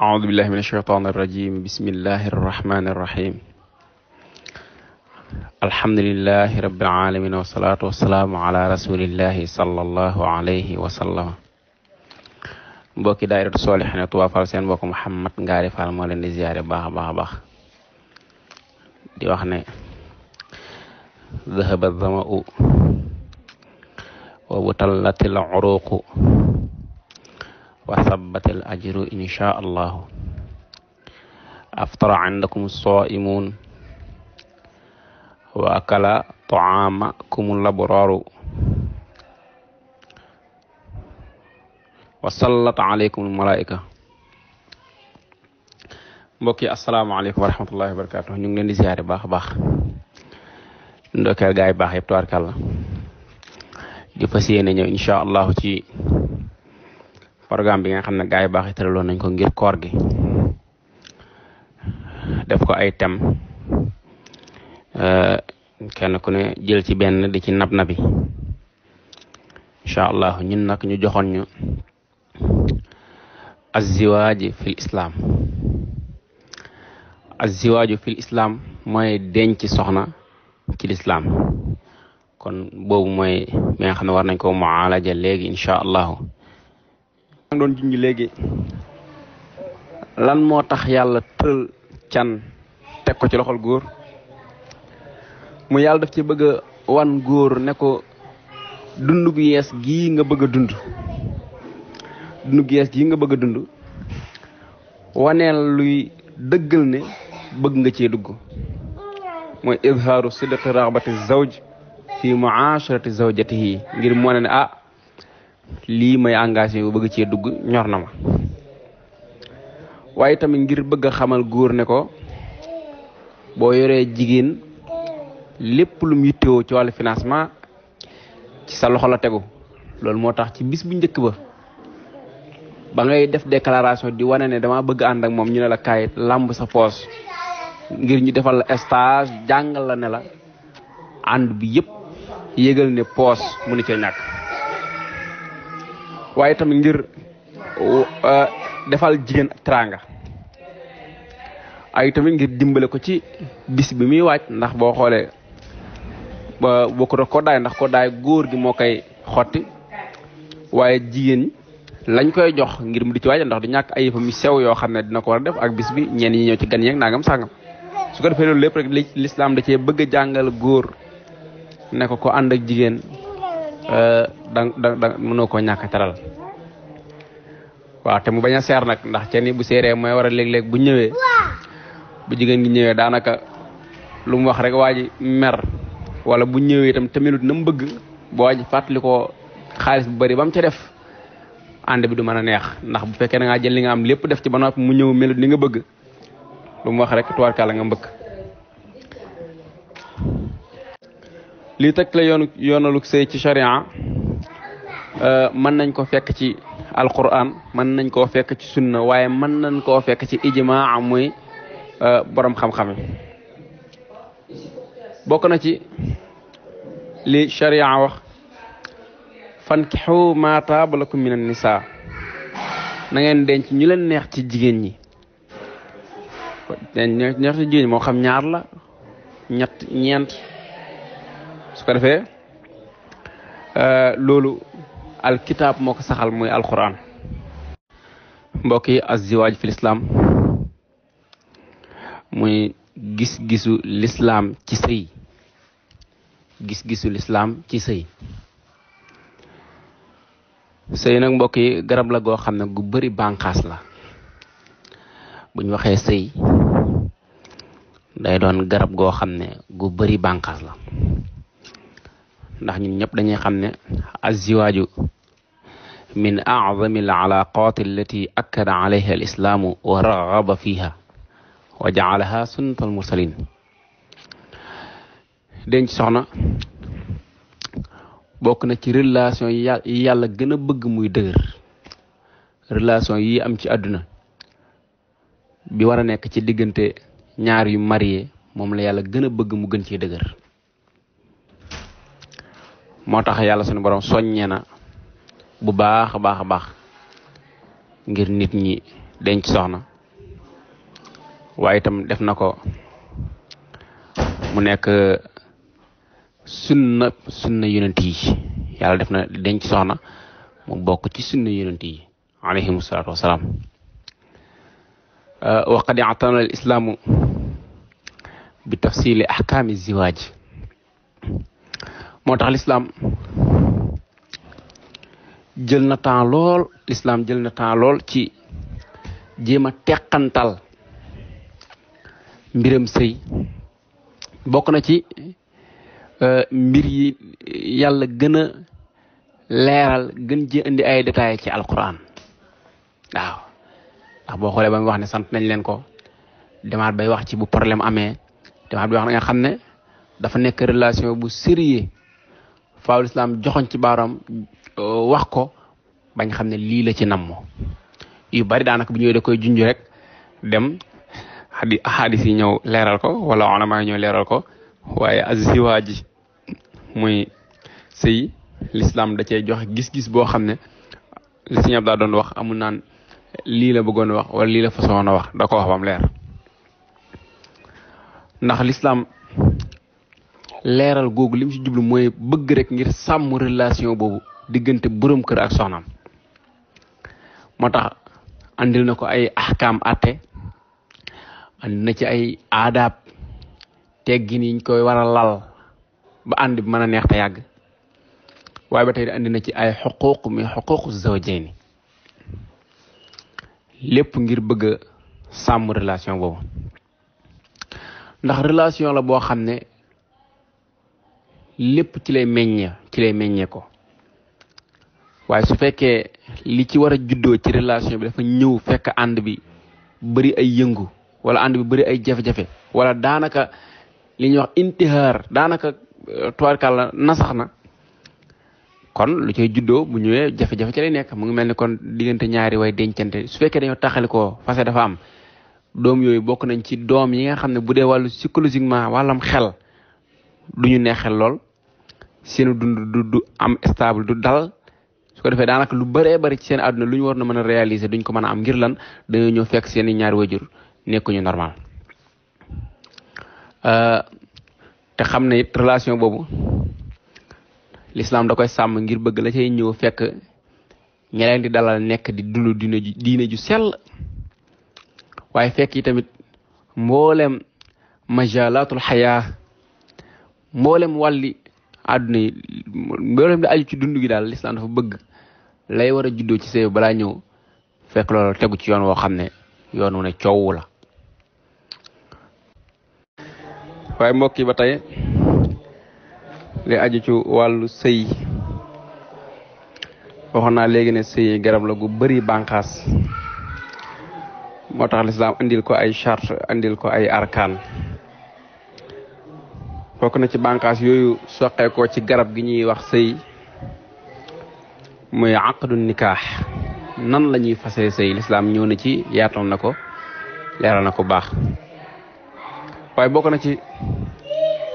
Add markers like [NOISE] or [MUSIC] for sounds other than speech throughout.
أعوذ بالله من الشيطان الرجيم بسم الله الرحمن الرحيم الحمد لله رب العالمين والصلاة والسلام على رسول الله صلى الله عليه وسلم بوكي دائرة soolixine Tuuba فالسين seen محمد Mouhamed فالمولى Fall moo leen di دي baax ذهب الظمأ وبطلت العروق وثبت الأجر إن شاء الله أفطر عندكم الصائمون وأكل طعامكم الأبرار وسلط عليكم الملائكة مبكي السلام عليكم ورحمة الله وبركاته نيو نلي باخ باخ ndokel gaay باخ yeb tabarkallah di إن شاء الله ci programme bi nga xam ne gars yi baax yi tëraloon nañ ko ngir koor gi def ko ay thème euh, kenn ku ne jël ci benn di ci nab nabi incha allah ñun nag ñu joxoon ñu aziwaaju fil islaam aziwaaju fil islaam mooy denc soxna ci lislaam kon boobu mooy bi xam ne war nañ ko mualaja léegi incha allahu maa ngi léegi lan moo tax yàlla tëral can teg ko ci loxol góor mu yàlla daf ci bëgg wan góor ne ko dund gu yees gii nga bëgg dund dund gu yees nga bëgg a dund waneel luy dëggal ne bëgg nga cee dugg mooy izhaaru sidqi raxbati zawj fi muaasharati zawjatihi ngir mu ne ah lima may engagé wu bëgg ci dugg ñor na ma waye tamit ngir bëgg xamal goor ne ko bo yoré jigen lepp lu mu bangai ci walu financement ci sa loxo la téggu lool motax ci bis bu ñëkk ba ba ngay def déclaration di wané né dama bëgg and ak mom ñu la kay lamb sa poos ngir ñu défal stage jangal la né la and bi yégal né mu ñu ci ñak waaye tamit ngir euh, defal jigéen teraanga ay tamit ngir dimbale ko ci bis bi muy waaj ndax boo xoolee bokkut ak koddaay ndax koddaay góor gi moo koy xotti waaye jigéen lañ koy jox ngir mu di ci waaj ndax du ñàkk ay yëfam sew yoo xam ne dina ko war a def ak bis bi ñenn ci gan yeeg nangam sàngam su ko defee loolu lépp rek lislaam da cee bëgg a jàngal góor ne ko ko ànd jigéen da da mënoo koo ñàkk teral waaw te mu bañ a seer nag ndax ceen yi bu seeree mooy war a léeg-léeg bu ñëwee bu jigéen gi ñëwee daanaka lu mu wax rek waa ji mer wala nah, bu ñëwee itam tamilut na mu bëgg bu waa ji fàttali ko xaalis bu bari ba mu ca def ànd bi du mën a neex ndax bu fekkee da ngaa jël li nga am lépp def ci ba noppi mu ñëw melut ni nga bëgg lu mu wax rek tuwaarkaala nga mbëkk li tëkk la yoonu yoonaluk sëy ci sharia euh, mën nañ ko fekk ci alquran mën nañ koo fekk ci sunna waaye mën nañ koo fekk ci ijmaa muy euh, borom xam-xam bokk na ci li sharia wax fankixu ma taaba lakum min annisa na ngeen denc ñu leen neex ci jigéen ñi neex ci jigéen ñi moo xam ñaar la ñett ñeent su ko defee euh, loolu alkitaab moo ko saxal muy alquran mbokk yi azziwaaj fi lislaam muy gis-gisu lislaam ci sëy gis-gisu lislaam ci sëy sëy nag mbokk garab la goo xam ne gu bari bànqaas la bu ñu waxee sëy day doon garab goo xam ne gu bari bànqaas la ndax ñun ñëpp dañuy xam ne aziwaaju min acdami al alaqat allati akkada alayha al islaamu wa raxaba fiha wa jaalaha sunnata al mursalin denc soxna bokk na ci relation yi gën a bëgg muy dëgër relation yi am ci àdduna bi war a nekk ci diggante ñaar yu marié moom la yàlla gën a bëgg mu gën ci dëgër moo tax yàlla suñu borom soññe na bu baax a baax a baax ngir nit ñi denc soxna waaye tam def na ko mu nekk sunna sunna yonent yi yàlla def na denc soxna mu bokk ci sunna yonent yi alayhim salaatu wasalaam wa qad i'tamala al islaamu bi tafsili ahkaami ziwaaj moo tax lislaam jël na temps lool lislaam jël na temps lool ci jéem a teqantal mbiram sëy bokk na ci euh, mbir yi yàlla gën a leeral gën ji indi ay détails ci alquran waaw ndax boo xoolee ba mu wax ne sant nañ leen ko demaat bay wax ci bu problème amee demaat bay wax na nga xam ne dafa nekk relation bu sérieux faaw lislaam joxoñ ci baaram euh, wax ko bañ xam ne lii la ci namm yu bari daanaka bu ñëwee da koy junj rek dem xadi xaadis yi ñëw leeral ko wala ulama yi ñëw leeral ko waaye aziwaa ji muy sëy lislaam da cee joxe gis-gis boo xam ne li si doon wax amu naan lii la bëggoon wax wala lii la façon wax da ko wax leer ndax lislaam leral gogu lim ci djublu moy bëgg rek ngir samu relation bobu diggante borom kër ak soxnam motax andil nako ay ahkam ate, andi na ci ay adab, teggin ñ koy wara lal ba and bi mën neex ta yàgg waaye ba tay andi na ci ay huquq mi xuquuqu zawjayni lepp ngir bëgg sam relation bobu ndax relation la bo xam lépp ci lay meññee ci lay meññee waaye su fekkee li ci war a juddoo ci relation bi dafa ñëw fekk ànd bi bëri ay yëngu wala ànd bi bëri ay jafe-jafe wala daanaka li ñuy wax intihaar daanaka euh, tubaarkàlla nasax na kon lu cay juddoo bu ñëwee jafe-jafe ci lay nekk mu ngi mel ni kon diggante ñaari way dencante su fekkee dañoo taxali koo fase dafa am doom yooyu bokk nañ ci doom yi nga xam ne bu dee wàllu psychologiquement wàllam xel du ñu neexel lool seenu dund du du am stable du dal su ko defee daanaka lu bëree bëri ci seen aduna lu ñu war na mën a réaliser duñ ko mën a am ngir lan dañoo ñëw fekk seen i ñaari wajur nekkuñu normal euh, te xam ne it relation boobu l'islam da koy sàmm ngir bëgg la cay ñëw fekk ñeneen di dalal nekk di dund diine ju diine ju sell waaye fekk yi tamit mboolem majalatul xayaa mboolem wàlli àdduna yi mboolem di aju ci dund gi daal lislaam dafa bëgg lay war a juddoo ci sëy balaa ñëw fekk loolu tegu ci yoon woo xam ne yoon wu ne la waaye mbokk yi ba tey li aju ci wàllu sëy waxoon naa léegi ne sëy garab la gu bari bànqaas moo tax lislaam indil ko ay chart indil ko ay arkaan bokk na ci bànkaas yooyu soqeekoo ci garab gi ñuy wax sëy muy aqdu nikaax nan la ñuy fasee sëy lislaam ñëw na ci yaatal na ko leeral na ko baax waaye bokk na ci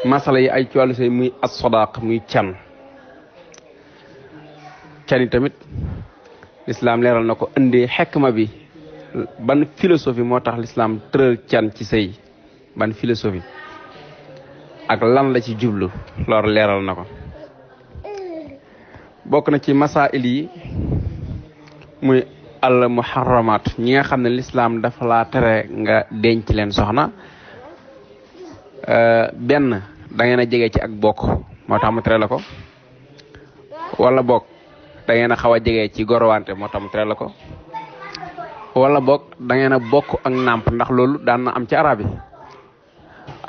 masala yi ay ci wàllu sëy muy as sodaq muy can cani tamit lislaam leeral na ko indi xekma bi ban philosophie moo tax lislaam tëral can ci sëy ban philosophie ak lan la ci jublu lor leral nako bok na ci masail yi muy al muharramat ñi nga xamne l'islam dafa la téré nga denc len soxna euh, ben da ngay na jege ci ak bok motax mu téré lako wala bok da ngay a xawa a ci gorowante moo tax mu téré lako wala bok da ngay a bok ak namp ndax lolu da na am ci arabiy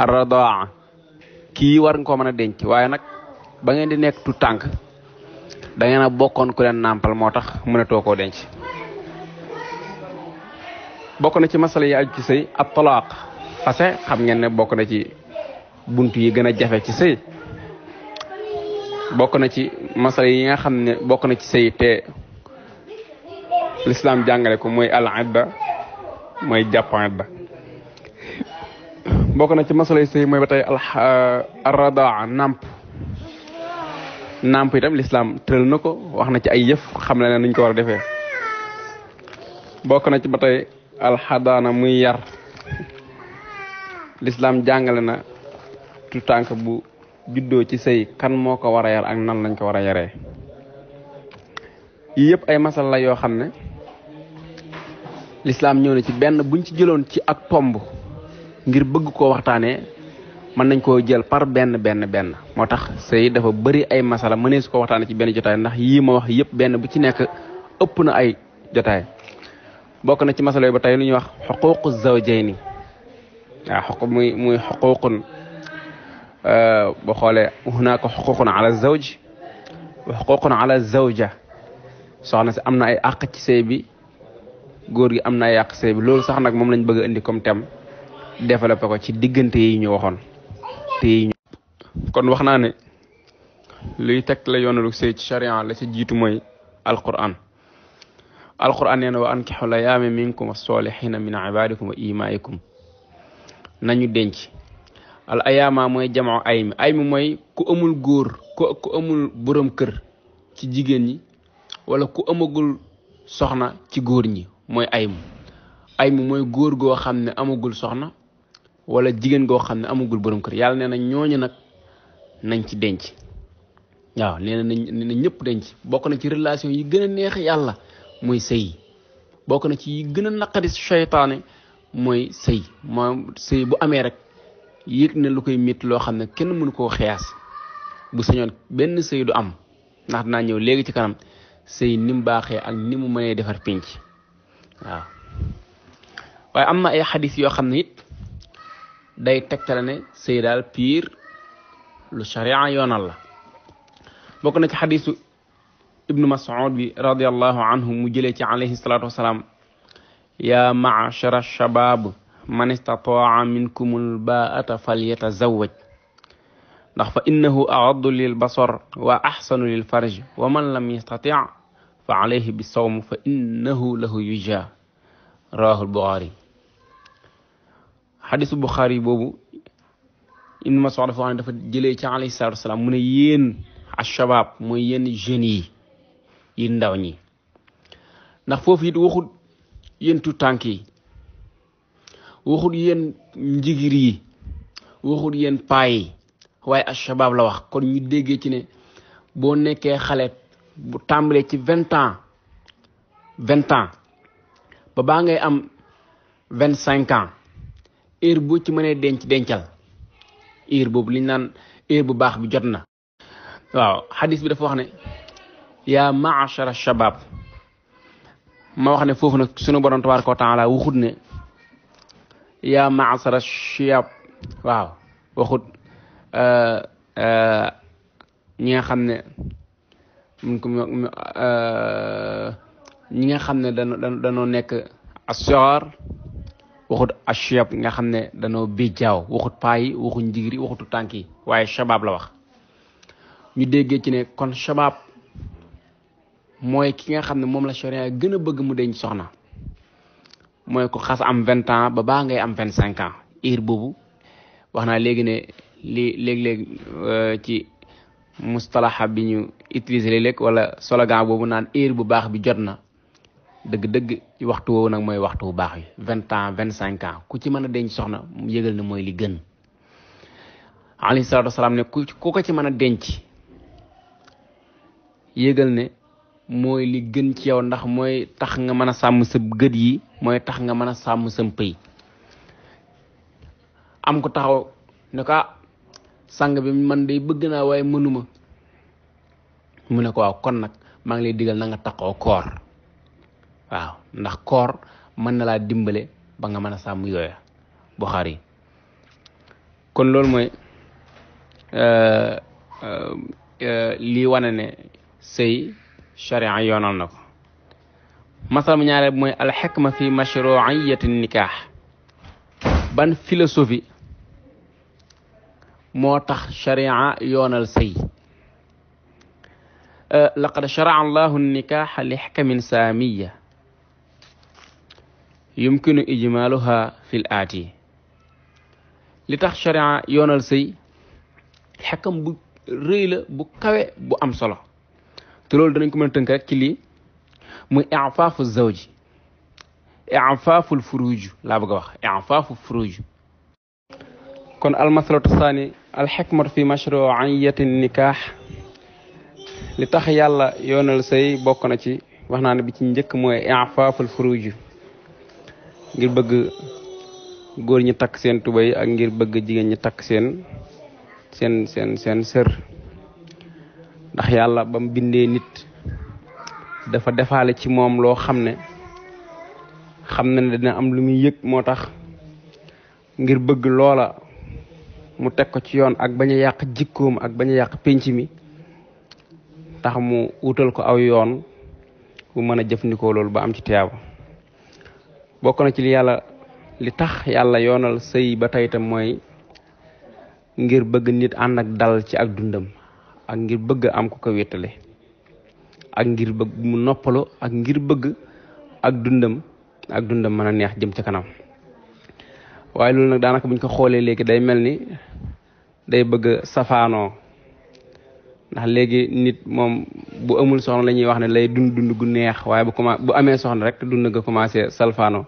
ar-radaa Ki war nga ko mën denc waye nak ba ngeen di nek tu tànk da ngeen na bokkon ku len nampal motax tax mënatoo koo denc bokk na ci masala yi aju ci sey ab talaq parce xam ngeen ne bokk na ci buntu yi gëna jafé ci sey bokk na ci masala yi nga xam bokk na ci sey té l'islam jàngale ko moy al idda mooy bokk na ci masala sëy mooy ba al euh, arradaa namp namp itam l'islam tëral na ko wax na ci ay yëf xam na ne nuñ ko war a defee bokk na ci ba tey hadana muy yar l'islam jàngale na bu juddoo ci sëy kan moo ko war a yar ak nan lañ ko war a yaree yii yëpp ay masal la yoo xam ne lislaam ñëw na ci benn buñ ci jëloon ci ak tomb ngir bëgg koo waxtaanee mën nañ koo jël par benn benn benn moo tax sëy dafa bari ay masala mënee su ko waxtaanee ci benn jotaay ndax yii ma wax yëpp benn bu ci nekk ëpp na ay jotaay bokk na ci masala ba tey lu ñuy wax xuquuqu zawjayni waaw xuq muy muy xuquuqun euh, boo xoolee hunaaka xuquuqun ala zawj wa xuquuqun ala zawja soxna si am na ay àq ci sëy bi góor gi am na ay àq sëy bi loolu sax nag moom lañ bëgg a indi développé ko ci diggante yi ñu waxoon te yi ñu kon wax naa ne luy teg la yoonu sëy ci charia la ci jiitu mooy alquran alquran nee na wa ankixu la yaame minkum asolihina min ibadikum wa imaikum nañu denc al ayaama mooy jamoo ay mi ay mi mooy ku amul góor ku amul borom kër ci jigéen ñi wala ku amagul soxna ci góor ñi mooy ay mu ay mu mooy góor goo xam ne amagul soxna wala jigéen goo xam ne amagul borom kër yàlla nee na ñooñu nag nañ ci denc waaw nee na nañ ñépp denc bokk na ci relation yi gën a neex yàlla mooy sëy bokk na ci yi gën a naqari seytaane mooy sëy moom sëy bu amee rek yëg na lu koy métti loo xam ne kenn mënu koo xeyaas bu sañoon benn sëy du am ndax dinaa ñëw léegi ci kanam sëy ni mu baaxee ak ni mu mënee defar pinc waaw waaye am na ay xadis yoo xam ne it day tektalane ne sëy daal piir lu sharia yoonal la bokk na ci xadisu ibn mas'ud bi radiyallahu anhu mu jele ci alayhi salatu wasalaam ya ma'ashara shabab man istataa minkumul baata falyatazawwaj ndax fa innahu aaddu lil basar wa ahsanu lil farj wa man lam yastati fa alayhi bisawm fa innahu lahu yuja rahul bukhari xadisu Buxaari boobu Ibnu Mas'ud dafa wax ne dafa jëlee ci alayhi salaatu wasalaam mu ne yéen ashabaab mooy yenn jeunes yi yi ndaw ñi ndax foofu it waxut yéen tu tànk yi waxut yéen njigir yi waxut yéen paa yi waaye ashabaab la wax kon ñu déggee ci ne boo nekkee xaleet bu tàmbalee ci vingt ans vingt ans ba baa ngay am vingt cinq ans heure bu ci mënee denc dencal heure boobu liñ naan heure bu baax bi jot na waaw xadis bi dafa wax ne yaa maachara shabab ma wax ne foofu nag sunu borom tabaaraka wa taala waxut ne yaa maachara shabab waaw waxut euh, euh, ñi nga xam ne euh, ñi nga xam ne danoo nekk nekk assoor waxut ashiyab nga xam ne danoo bijjaaw waxut paa yi waxut njigir yi waxutu tànk yi waaye shabaab la wax ñu déggee ci ne kon shabaab mooy ki nga xam ne moom la sharia gën a bëgg mu denc soxna mooy ko xas am vingt ans ba baa ngay am vingt cinq ans ir boobu wax naa léegi ne li léeg-léeg euh, ci mustalaha bi ñu utiliser lekk léeg wala slogan boobu naan ir bu baax bi jot na deug deug ci waxtu wo nak moy waxtu bax yi 20 ans 25 ans ku ci meuna denc soxna yegal ne moy li gën alayhi salaatu wasalaam ne ku ku ko ci meuna denc yegal ne moy li gën ci yow ndax moy tax nga meuna sam sàmm sa gët yi moy tax nga meuna sam sàmm sa pëy am ko taxaw ne ka ah, sang bi man day bëgg na way mënuma mu ne ko waaw kon nak maa ngi lay digal na nga taxo koor waaw ndax koor mën na laa dimbale ba nga mën a sàmm yooya Buxaari kon loolu mooy euh, euh, euh, lii wane ne sëy charia yoonal na ko masala mu ñaareel mooy alxikma fi mashruiyati nikaax ban philosophie moo tax charia yoonal sëy laqad charaa allahu nikaaxa li xikamin saamiya يمكن إجمالها في الآتي لتخ شرع يونال سي حكم بو ريل بو كوي بو أم صلاة تلول دنين كمان تنكرك كلي مو إعفاف الزوج إعفاف الفروج لا بقوة إعفاف الفروج كون المثل الثاني الحكمة في مشروعية النكاح لتخ يالا يونال سي بوكنا تي وحنا نبتنجك مو إعفاف الفروج ngir bëgg góor ñi takk seen tubéy ak ngir bëgg jigéen ñi takk seen seen seen sër ndax yàlla ba mu bindee nit dafa defaale ci moom loo xam ne xam na ne dina am lu muy yëg moo tax ngir bëgg loola mu teg ko ci yoon ak bañ yàq jikkoom ak bañ yàq penc mi tax mu wutal ko aw yoon bu mën a jëfandikoo loolu ba am ci teew bokk na ci li yàlla li tax yàlla yoonal sëy ba tey tam mooy ngir bëgg nit ànd ak dal ci ak dundam ak ngir bëgg am ko ko wéttale ak ngir bëgg mu noppalu ak ngir bëgg ak dundam ak dundam mën a neex jëm ca kanam waaye loolu nag daanaka buñ ko xoolee léegi day mel ni day bëgg safaanoo ndax léegi nit moom bu amul soxna la ñuy wax ne lay dund dund gu neex waaye bu commencé bu amee soxna rek dund nga commencé salfaanoo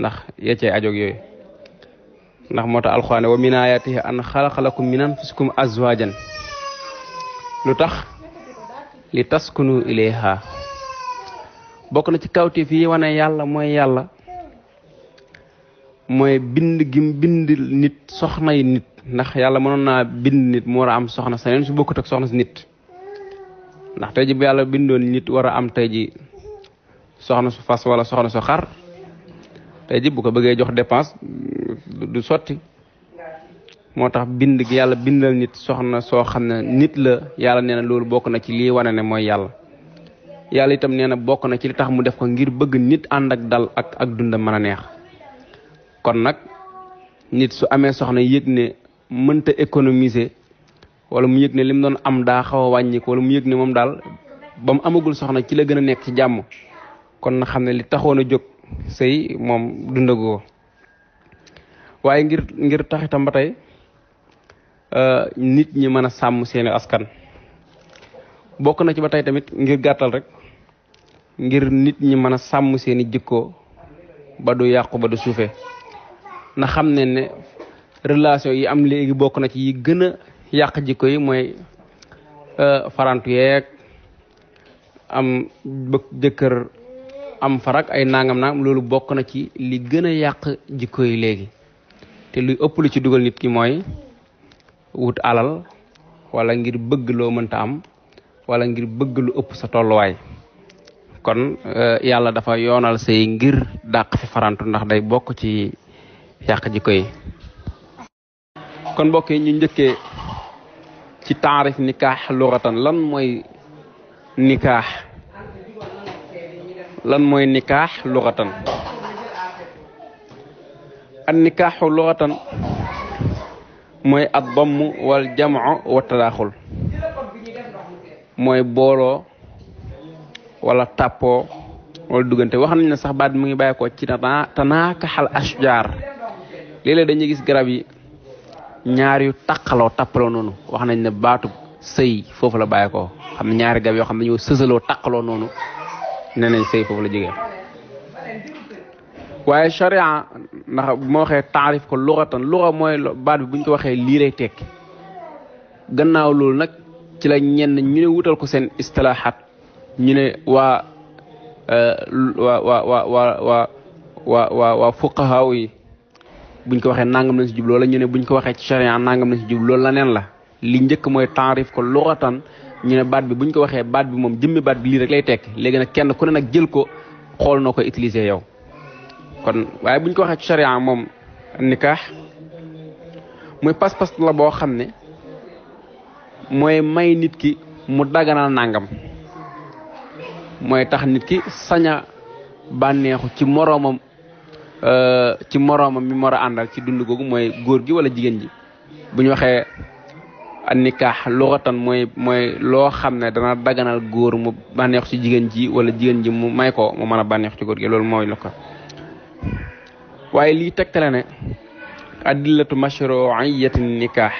ndax yeccee ajoog yooy ndax moo tax alxuraan wa min ayaatihi an xalaqa lakum min anfusikum azwajan lu tax li taskunu ilayha bokk na ci kawtif fi wane yàlla mooy yàlla mooy bind gim bind nit soxna yi nit ndax yàlla mënoon naa bind nit mu war a am soxna sa neen su bokkut ak soxna si nit ndax tey ji bu yàlla bindoon nit war a am te ji soxna su fas wala soxna su xar tey ji bu ko bëggee jox dépense du sotti motax bind gi yalla bindal nit soxna so xamne nit la yalla neena lolu bok na ci li wane ne mooy yalla itam neena na na ci li tax mu def ko ngir bëgg nit and ak dal ak ak dund mëna a neex kon nak nit su amé soxna yek ne mënta économiser wala mu yek ne lim mu doon am da xaw wañi ko wala mu yek ne mom dal bam mu amagul soxna ci la gëna ci jamm kon na xamne li jog sëy moom dundagoo waaye ngir ngir taxitam itam ba tey euh, nit ñi mën a sàmm seeni askan bokk na ci ba tey tamit ngir gàttal rek ngir nit ñi mën a sàmm seeni jikko ba du yàqu ba du suufee na xam ne ne relation yi am léegi bokk na ci yi gën a yàq jikko yi mooy euh, farantu yeeg am bëgg jëkkër am farak ay nangam nangam loolu bokk na ci li gën a yàq jikko yi léegi te luy ëpp lu ci dugal nit ki mooy wut alal wala ngir bëgg loo wala ngir bëgg lu ëpp sa tolluwaay kon eh, yàlla dafa yoonal say ngir dàq fi farantu ndax day bokk ci yàq jikko yi kon mbokk ñu njëkkee ci taarif nikaax lugatan lan mooy nikaax lan mooy nikaax luxatan an nikaaxu luxatan mooy ad damm wal jamco wa tadaaxul mooy booloo wala tàppoo wala duggante wax nañ ne sax baat mu ngi bàyyi ko ci tanaakaxal ashjaar léeg-léeg dañuy gis garab yi ñaar yu taqaloo tappaloo noonu wax nañ ne baatu sëy foofu la bàyyi ko xam ñaari garab yoo xam ne dañoo sësaloo taqaloo noonu ne nañ sëy la jógee waaye sharia ndax bu ma waxee taarif ko luxatan luxa mooy baat bi buñ ko waxee lii lay gannaaw loolu nag ci la ñenn ñu wutal ko seen istilaaxaat ñu ne euh, waa waa waa waa waa buñ ko waxee nangam lañ si jub ñu ne buñ ko waxee ci sharia nangam si jub loolu la neen la li njëkk mooy taarif ko luxatan ñu ne baat bi bu ñu ko waxee baat bi moom jëmmi baat bi lii rek lay tekki léegi na kenn ku ne nag jël ko xool noo ko utiliser yow kon waaye buñ ñu ko waxee ci charia moom nikaax muy pas-pas la boo xam ne mooy may nit ki mu daganal nangam mooy tax nit ki sañ a bànneexu ci moroomam euh, ci moroomam mi mor a àndal ci dund googu mooy góor gi wala jigéen ji bu waxee nikaax luxatan mooy mooy loo xam ne dana daganal góor mu bànneex ci jigéen ji wala jigéen ji mu may ko a ci góor gi loolu mooy la ko lii tegtale ne adillatu mashru'iyyati nikaax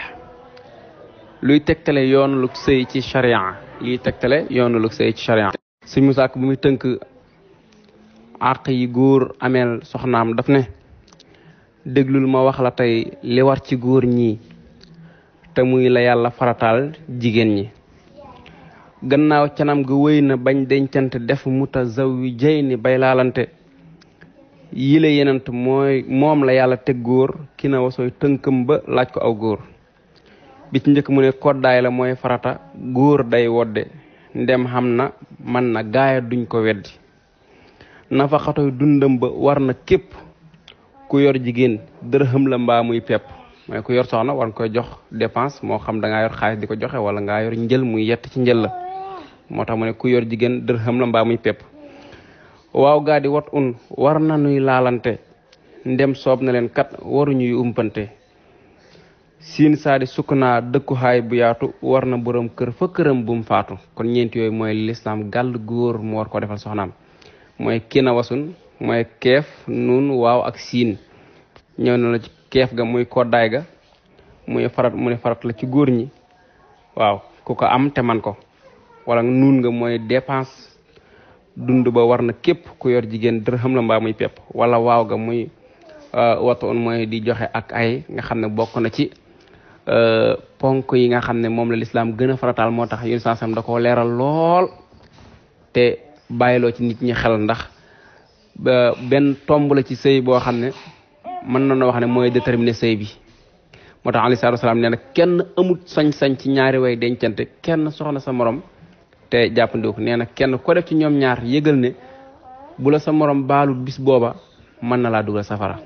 luy tegtale yoonu lu sëy ci charia liy tegtale yoonu lu sëy ci charia mu sàkk tënk àq yi góor ameel soxnaam daf ne déglul ma wax tey li war ci góor ñi te muy la yàlla farataal jigéen ñi gannaaw canam ga wéy na bañ dencante def mutazawwijayni bay laalante yile yenant mooy moom la yàlla teg góor ki na wasooy tënkam laaj ko aw góor bi ci njëkk mu ne koddaay la mooy farata góor day wodde ndem xam na man na gaaya duñ ko weddi nafa xatoy dundam war na képp ku yor jigéen dërëxam la mbaa muy pepp may ku yor soxna war ko jox dépense mo xam da nga yor xaliss di joxe wala nga yor njël muy yett ci la motax mo mu ne ku yor jigéen dërxam la mbaa muy pep waaw gaadi wat un war na nuy lalante ndem soob na len kat ñuy umpante sin saadi sukuna dekk hay bu yaatu war na borom keur fa bu bum faatu kon ñent yoy moy l'islam gal goor mo war ko defal soxnaam moy kina wasun moy kef nun waaw ak sin ñew na la ci Kef ga muy koday ga muy farat mu farat la ci góor ñi waaw ku ko am te man ko wala nun nga moy dépense dund ba warna kep ku yor jigen dirham la mbaa muy pep wala waaw ga muy euh, watoon moy di joxe ak ay nga xamne ne bokk na ci euh, ponk yi nga xamne mom la l'islam gëna faratal motax sansam da te bayilo ci nit ñi xel ndax euh, ben tombu la ci sey bo xamne mën na wax ne mooy déterminer sëy bi moo tax alayhi salaam nee na kenn amut sañ-sañ ci ñaari way dencante kenn soxna sa morom te jàppandoo ko nee na kenn ko def ci ñoom ñaar yëgal ne bu la sa morom baalut bis boba mën na laa dugal safara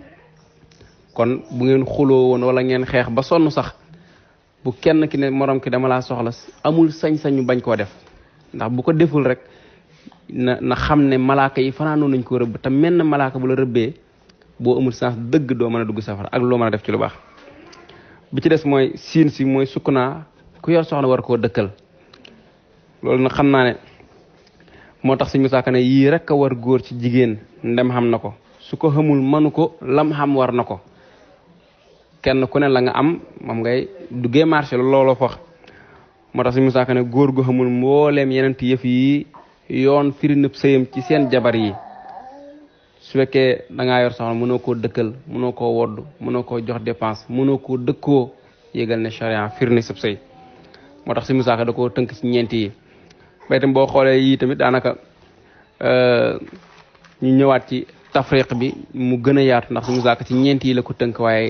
kon bu ngeen xuloo woon wala ngeen xeex ba sonn sax bu kenn ki ne morom ki dama laa soxla amul sañ-sañu bañ koo def ndax bu ko deful rek na na xam ne malaaka yi fanaanoo nañ ko rëbb te menn malaaka bu la rëbbee bo amul sens deug do meuna dugg safara ak lo meuna def ci lu bax bi ci dess moy sin si moy sukuna ku yor soxna war ko dekkal lolou na xamna ne motax seigne suñ kané yi rek a war góor ci jigen ndem xam nako su ko xamul manuko lam xam war nako kenn ku ne la nga am mom ngay duggé marché looloo fox motax seigne suñ kané ne góor gu xamul yenen ti yef yi yon firi nëb ci sen jabar yi su fekkee da ngaa yor soxna mënoo koo dëkkal mënoo koo wodd mënoo koo jox dépense mënoo koo dëkkoo yégal ne charia firni sab sëy moo tax si musaaka da ko tënk ci ñeenti yi ba itam boo xoolee yii tamit daanaka euh, ñu ñëwaat ci tafriq bi mu gën a yaatu ndax si musaaka ci ñeenti yi la ko tënk waaye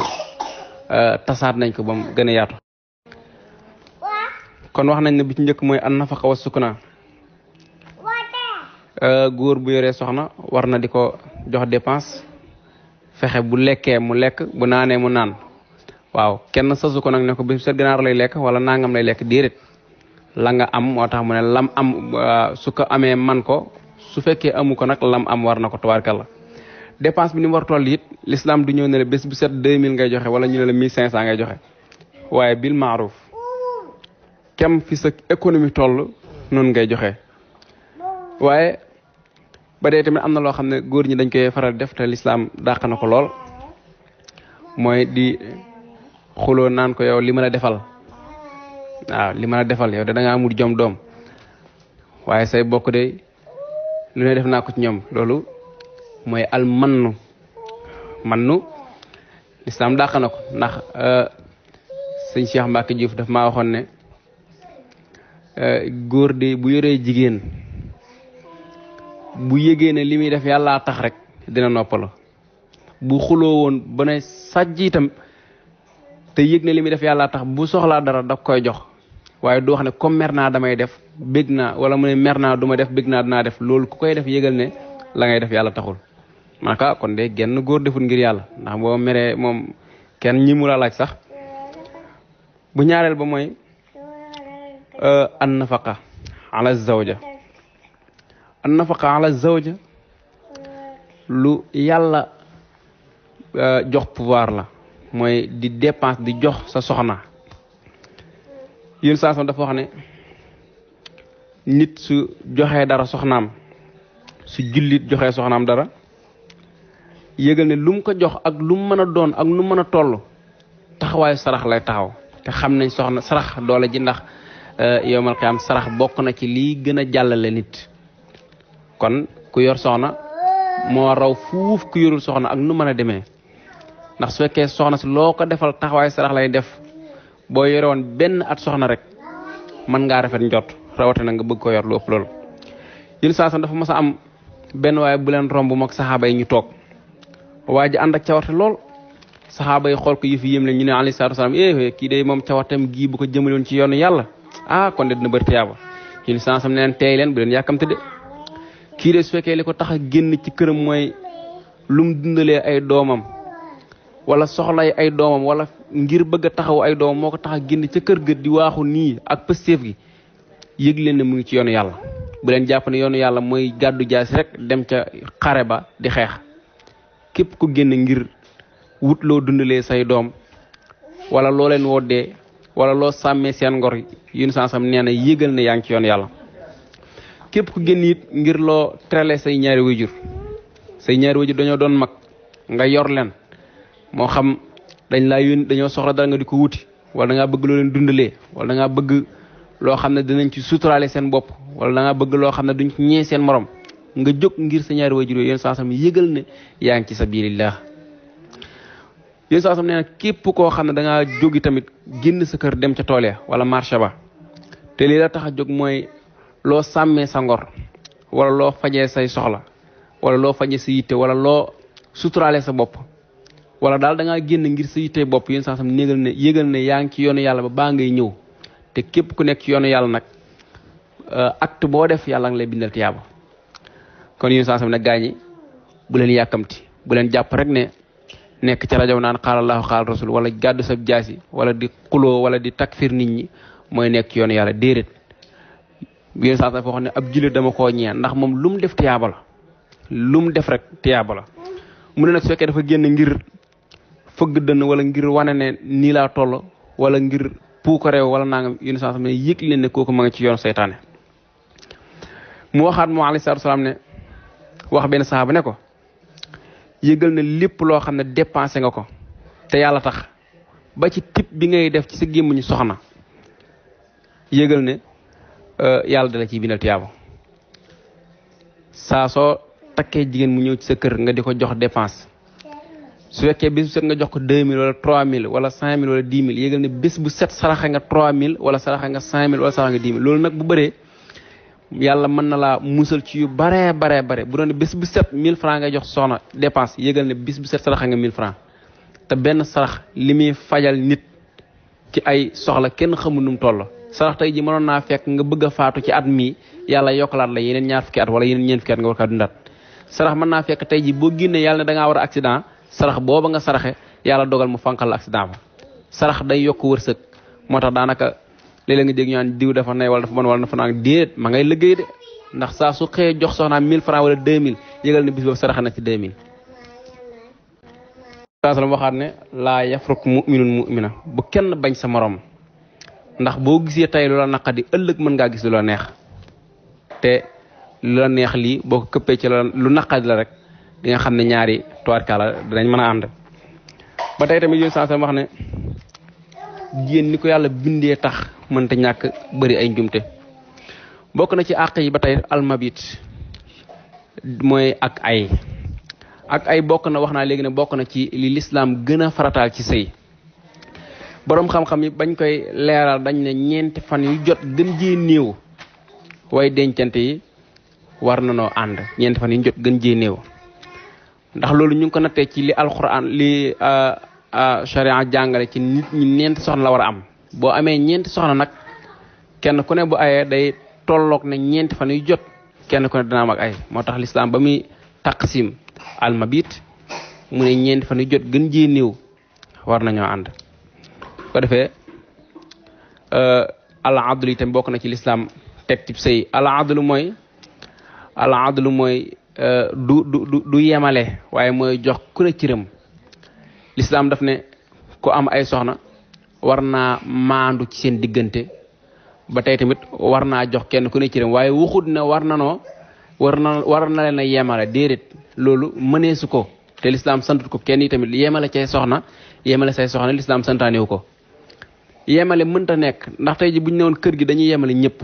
euh, tasaat nañ ko ba mu gën a yaatu kon wax nañ ne bi ci njëkk mooy an nafaqa wa sukna Eh, goor bu yoree soxna war na di ko jox dépense fexe bu lekkee mu lekk bu naanee mu naan waaw kenn sasu ko nag ne ko bi sa ganaar lay lekk wala nangam lay lekk déedéet la nga am moo tax mu ne lam am su ko amee man ko su fekkee amu ko nag lam am war na ko la dépense bi ni war toll it l'islam du ñëw ne la bés bu set 2000 ngay joxe wala ñu ne la 1500 ngay joxe waaye bil maaruf kem fi sa économie toll noonu ngay joxe waaye ba dee tamit am na loo xam ne góor ñi dañ koy faral def te lislaam dàq ko lool mooy di xuloo naan ko yow li mën a defal waaw li mën a defal yow da ngaa mut jom doom waaye say bokk de lu ne def naa ko ci ñoom loolu mooy al mannu mannu lislaam dàq na ko ndax euh, sëñ Cheikh Mbacke def ma maa waxoon ne euh, góor de bu yoree jigéen bu yégee ne li muy def yàllaa tax rek dina noppalu bu xuloo woon ba ne sàjj itam te yëg ne li muy def yàllaa tax bu soxlaa dara da koy jox waaye du wax ne comme mer damay def bég naa wala mu ne mer naa du def bég naa dinaa def loolu ku koy def yégal ne la ngay def yàlla taxul maaka kon de genn góor deful ngir yàlla ndax boo meree moom kenn ñi mu la laaj sax bu ñaareel ba mooy euh, an nafaqa ala an nafaqa la zawja lu yàlla euh, jox pouvoir la mooy di dépense di jox sa soxna yéen saa dafa wax ne nit su joxee dara soxnaam su jullit joxee soxnaam dara yëgal ne lu mu ko jox ak lu mu mën a doon ak nu mën a toll taxawaayu sarax lay taxaw te xam nañ soxna sarax doole ji ndax euh, yowmal qiyaam sarax bokk na ci lii gën a jàllale nit kon ku yor soxna moo raw fuuf ku yorul soxna ak nu mën a demee ndax su fekkee soxna si loo ko defal taxawaay sarax lay def boo yore ben benn at soxna rek mën ngaa rafet njot rawatina nga bëgg ko yor lu ëpp loolu yéen saasan dafa mas a am benn waaye bu leen romb mag saxaaba yi ñu toog waa ji ànd ak cawarte lool saxaaba yi xool ko yëfi yéem leen ñu ne alayhi salatu wasalam eh, eh kii day moom cawartem gii bu ko jëmaloon ci yoonu yàlla ah kon de dina bëri tiyaaba yéen saasam neen teey leen bu leen yàkkamte de ki de fekke fekkee ko tax a ci këram mooy lum dundale ay domam, wala soxlay ay domam wala ngir bëgg taxaw ay dom moko tax genn ci kër gëd di waxu ni ak pësteef gi yëg leen ne mu ngi ci yoonu yalla bu leen japp ne yoonu yalla moy gaddu jaas rek dem ca xare ba di xex kep ku genn ngir wut lo dundale say dom, wala lo leen woddee wala lo samé sen ngor yun sansam nee na yëgal yang ci yoonu yalla képp ku génn it ngir loo terale say ñaari wayjur say ñaari wayjur dañoo doon mag nga yor leen moo xam dañ laa yónni dañoo soxla dara nga di ko wuti wala da bëgg loo leen dundalee wala bëgg loo xam ne dinañ ci suturaale seen bopp wala da ngaa bëgg loo xam ne duñ ci ñee seen morom nga jóg ngir sa ñaari wayjur yooyu yéen saa sam yëgal ne yaa ngi ci sabilillah yéen saa sam nee képp koo xam ne da jógi tamit génn sa kër dem ca tool ya wala marché ba te lii la tax a jóg mooy loo sàmmee sa ngor wala loo fajee say soxla wala loo fajee sa yitte wala loo suturaale sa bopp wala daal da ngaa génn ngir sa yitte bopp yéen sam négal ne yégal ne yaa ngi ci yoonu yàlla ba baa ngay ñëw te képp ku nekk ci yoonu yàlla nag euh, acte boo def yàlla nga lay bindal tiyaaba kon yéen sam nag gaañi bu leen yàkkamti bu leen jàpp rek ne nekk ci rajo naan xaal allahu xaal rasul wala gàddu sab jaasi wala di xuloo wala di takfir nit ñi mooy nekk yoonu yàlla déedéet yéen saa foo xam ne ab jullit dama koo ñee ndax moom lu mu def tiyaaba lu mu def rek tiyaaba mu ne nag su dafa génn ngir fëgg dënn wala ngir wane ne nii laa toll wala ngir puukareew wala nangam yéen saa ne leen ne kooku ma nga ci yoon seytaane mu waxaat moom alayhi salaatu ne wax benn saxaaba ne ko yëgal ne lépp loo xam ne dépensé nga ko te yàlla tax ba ci tip bi ngay def ci sa gémmiñu soxna yëgal ne Eh, yalla dala ci bindal tiyabo sa so takke jigen mu ñew ci sa kër nga diko jox dépense su fekkee bisu set nga jox ko 2000 wala 3000 wala 5000 wala 10000 000 yégal ne bis bu set saraxa nga 3000 wala saraxa nga 5000 wala saraxa nga 10000 lool nak bu béré yalla mën na la musal ci yu bare bare bare bu done bis bu set 1000 francs nga jox sona dépense yégal ne bis bu set saraxa nga 1000 francs te ben sarax limi fajal nit ci ay soxla kenn xamul num tollo sarax tay ji mënon na fekk nga bëgg faatu ci at mi yalla yokalat la yeneen ñaar fukki at wala yeneen ñeen fukki at nga war ka dundat sarax mën na fekk tay ji bo guiné yalla ne da nga war accident sarax boba nga saraxé yalla dogal mu fankal accident ba sarax day yok wërseuk motax tax daanaka léeg nga dégg ñaan diiw dafa nay wala dafa bon wala dafa nak déet ma ngay liggéey dé ndax sa su xé jox soxna 1000 francs wala 2000 yëgal ni bis boobu sarax na ci 2000 sallam waxat ne la yafruk muminun mumina bu kenn bañ sa morom ndax boo gisee tey lu la naqadi ëllëg mën ngaa gis lu la neex te lu la neex lii boo këppee ci la lu naqadi la rek di nga xam ne ñaari tubaarkaala dinañ mën a ànd ba tey tamit yoon sansam wax ne jigéen ni ko yàlla bindee tax mën mënta ñàkk bari ay njumte bokk na ci àq yi ba tey almabit mooy ak ay ak ay bokk na wax naa léegi ne bokk na ci lii lislaam gën a farataal ci sëy borom xam-xam yi bañ koy leeral dañ ne ñeenti fan yu jot gën jee néew way dencante yi war na noo ànd ñeenti fan yu jot gën jee néew ndax loolu ñu ngi ko nattee ci li alquran li sharia jàngale ci nit ñi ñeenti soxna la a am boo amee ñeenti soxna nag kenn ku ne bu ayee day tolloog ne ñeenti fan yu jot kenn ku ne dana am ay moo tax lislaam taqsim al mabit mu ne ñeenti fan yu jot gën jee néew war nañoo ànd ko defee euh, al adlu itam bokk na ci lislaam teg ci sëy al mooy al mooy euh, du du yemale waaye mooy jox ku ne cëram lislaam daf ne ku am ay soxna war naa maandu ci seen diggante ba tey tamit war naa jox kenn ku ne cëram waaye waxut ne war na noo war na war na leen a yemale déedéet loolu mëneesu ko te lislaam santut ko kenn yi tamit yemale cay soxna yemale say soxna lislaam santaaniwu ko yemale mënta nekk ndax tey bu ñu newoon kër gi dañuy yemale ñëpp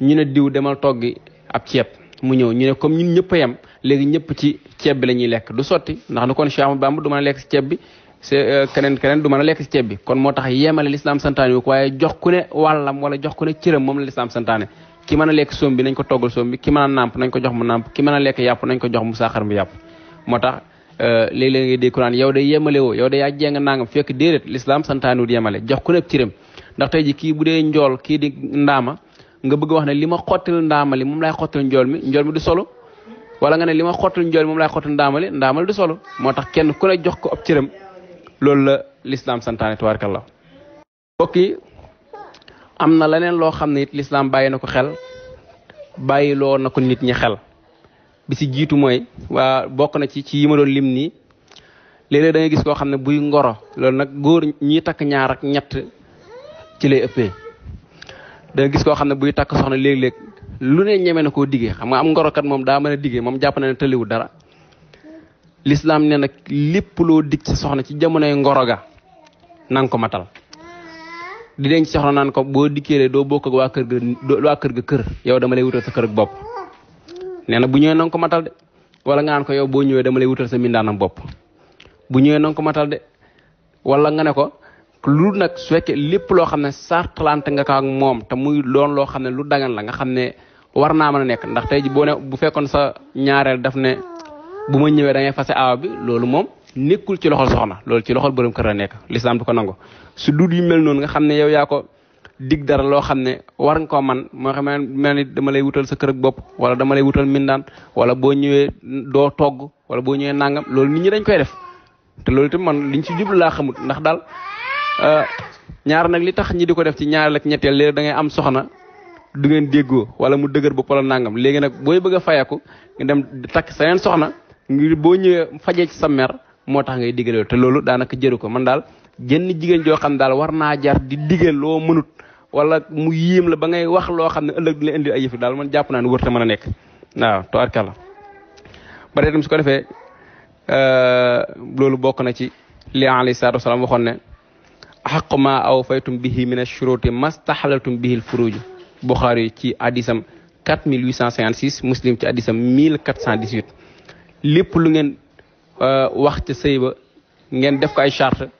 ñu ne diw demal toggi ab ceeb mu ñëw ñu ne comme ñun ñëpp a yem léegi ñëpp ci ceeb bi la ñuy lekk du sotti ndax nu kon Cheikh Ahmadou Bamba duma mën lekk si ceeb bi euh, keneen keneen du mën a lekk si ceeb bi kon moo tax yemale lislaam santaane wu ko jox ku ne wàllam wala jox ku ne cëram moom la lislaam santaane ki mën a lekk soom bi nañ ko toggal soom bi ki mën nàmp nañ ko jox mu nàmp ki mën a lekk yàpp nañ ko jox mu saaxar mu yàpp moo tax Eh, léeg léeg ngay di ku naan yow day yemale woo yow day yaa jeng nangam fekk déedéet l'islam santaanut yemale jox ku nekk cëram ndax tey ji kii bu ndama, njool kii di ndaama nga bëgg wax ne li ma xottil li mi njool mi du solo wala nga ne li ma xottil njool ndama laay ndama li du solo moo tax kenn ku ne jox ko ab cëram loolu la l'islam santaane tabarakallah mbokk yi am na leneen loo xam l'islam bàyyi na xel bàyyiloo na ko nit ñi xel bi ci jiitu mooy waa bokk na ci ci yi ma doon lim ni, léeg-léeg da nga gis koo xam ne buy ngoro loolu nag góor ñi takk ñaar ak ñett ci lay ëppee da nga gis koo xam ne buy takk soxna léeg-léeg lu ne ñeme na koo digee xam nga am kat moom daa mën a digee moom jàpp na ne tëliwu dara l'islam ne nag lépp loo dig ci soxna ci jamono ngoro ga nang ko matal di denc soxna naan ko boo dikkee doo bokk ak waa kër ga waa kër ga kër yow dama lay wutal sa kër ak bopp nee na bu ñëwee na nga ko matal de wala nga naan ko yow boo ñëwee nga ne ko lu nag su fekkee lépp loo xam ne sartalante nga ko ak moom te muy loon loo xam ne lu dagan la nga xam ne war naa mën a nekk ndax tey ji boo ne bu fekkoon sa ñaareel daf ne bu ma ñëwee da ngay fase aaw bi loolu moom nekkul ci loxol soxna loolu ci loxol borom kër a nekk lislaam du ko nangu su dut yu mel noonu nga xam ne yow ko dig dara loo xam ne war nga koo man moo xam mel dama lay wutal sa kër bopp wala dama lay wutal mindaan wala boo ñëwee doo togg wala boo ñëwee nangam loolu nit ñi dañ koy def te loolu itam man liñ ci jublu laa xamut ndax daal euh, ñaar nag li tax ñi di ko def ci ñaar ak ñetteel léegi da ngay am soxna du ngeen déggoo wala mu dëgër bopp wala nangam léegi nag booy bëgg a fayaku nga dem takk seneen soxna ngir boo ñëwee fajee ci sa mer moo tax ngay digal te loolu daanaka jëru ko man daal jenn jigéen joo xam daal war naa jar di digal loo mënut wala mu yéem la ba ngay wax loo xam ne ëllëg di la indi ay yëf daal man jàpp naa ne wër te mën nekk waaw tabarkàlla ba tey tam su ko defee euh, loolu bokk na ci li alayhi salaatu wasalaam waxoon ne xaqu ma aw faytum bihi min ashuruti mastaxalaltum bihi l furuj buxaari ci addisam 4856 muslim ci addisam 1418 lépp lu ngeen euh, wax ca sëy ngeen def ko ay charte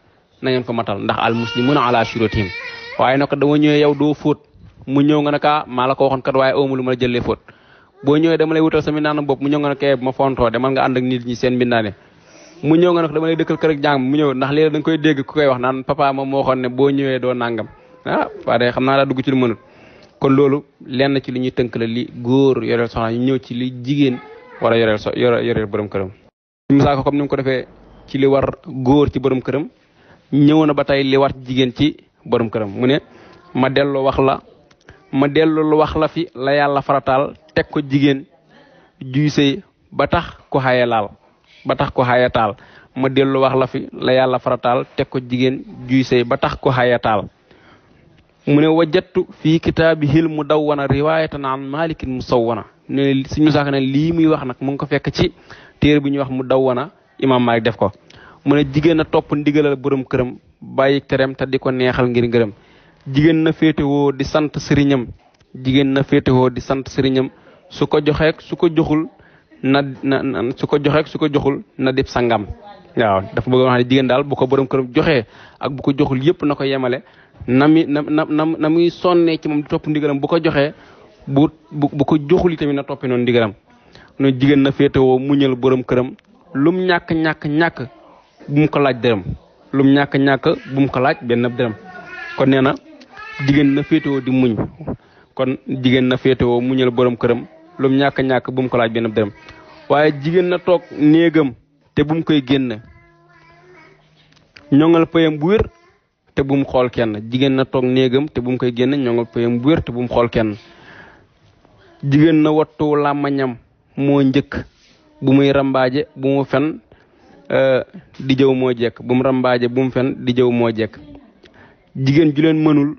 na ngeen ko matal ndax al a ala shurutihim waaye nag dama ñëwee yow doo fóot mu ñëw nga ne kaa ah, maa la ko waxoon kat waaye amu lu ma la jëlee fóot boo ñëwee dama lay wutal sa eh, mbindaane mu ñëw nga ne ko dama lay dëkkal kër ak jàng mu da nga koy dégg ku koy wax ñëwee doo nàngam ah naa daa dugg ci lu mënut kon loolu lenn ci li ñuy tënk la li góor yoreel soxna ñu ñëw ci li jigéen war a yoreel so yoreel borom këram misaal ko comme ni mu ko defee ci li war góor ci borom këram ñëw na ba tey li war jigéen ci borom këram mu ne ma delloo wax la ma dellu wax la fi la yàlla farataal teg ko jigéen juy sëy ba tax ko xaye laal ba tax ma dellu wax la fi la yàlla farataal teg ko jigéen juy sëy ba tax ko xaye taal mu ne wajattu fii kitaabihil mudawwana riwaayatan an malikin musawwana ne suñu sax lii muy wax nag mu ngi ko fekk ci téere bu ñuy wax mudawwana imaam Malik def ko mu ne jigéen a topp ndigalal borom këram bàyyi tereem te di ko neexal ngir ngërëm jigéen na féetewoo di sant sëriñam jigéen na féetewoo di sant sëriñam su ko joxeek su ko joxul na na su ko joxeek su ko joxul na dib sangam waaw dafa bëgg wax ne jigéen daal bu ko borom këram joxee ak bu ko joxul yépp na ko yemale na mi na na na muy sonnee ci moom di topp ndigalam bu ko joxee bu bu ko joxul tamit na toppi noonu ndigalam noonu jigéen na féetewoo muñal borom këram lum ñàkk ñàkk ñàkk bu ko laaj dërëm lum ñàkk ñàkk bum ko laaj ben kon neena na na feto di muñ kon digen na feto muñal borom kërëm lum ñàkk ñàkk bum ko laaj ben dërëm waye jigéen na tok neegam te bum koy genn ñongal peyam bu wër te bum xol kenn jigéen na tok neegam te bum koy genn ñongal peyam bu wër te bum xol kenn jigéen na wattu làmmañam mo ñëk bu muy rambaaje bu mu fenn Eh, di jëw moo jekk bu mu rambaaje bu mu fen di jëw moo jekk jigéen ju leen mënul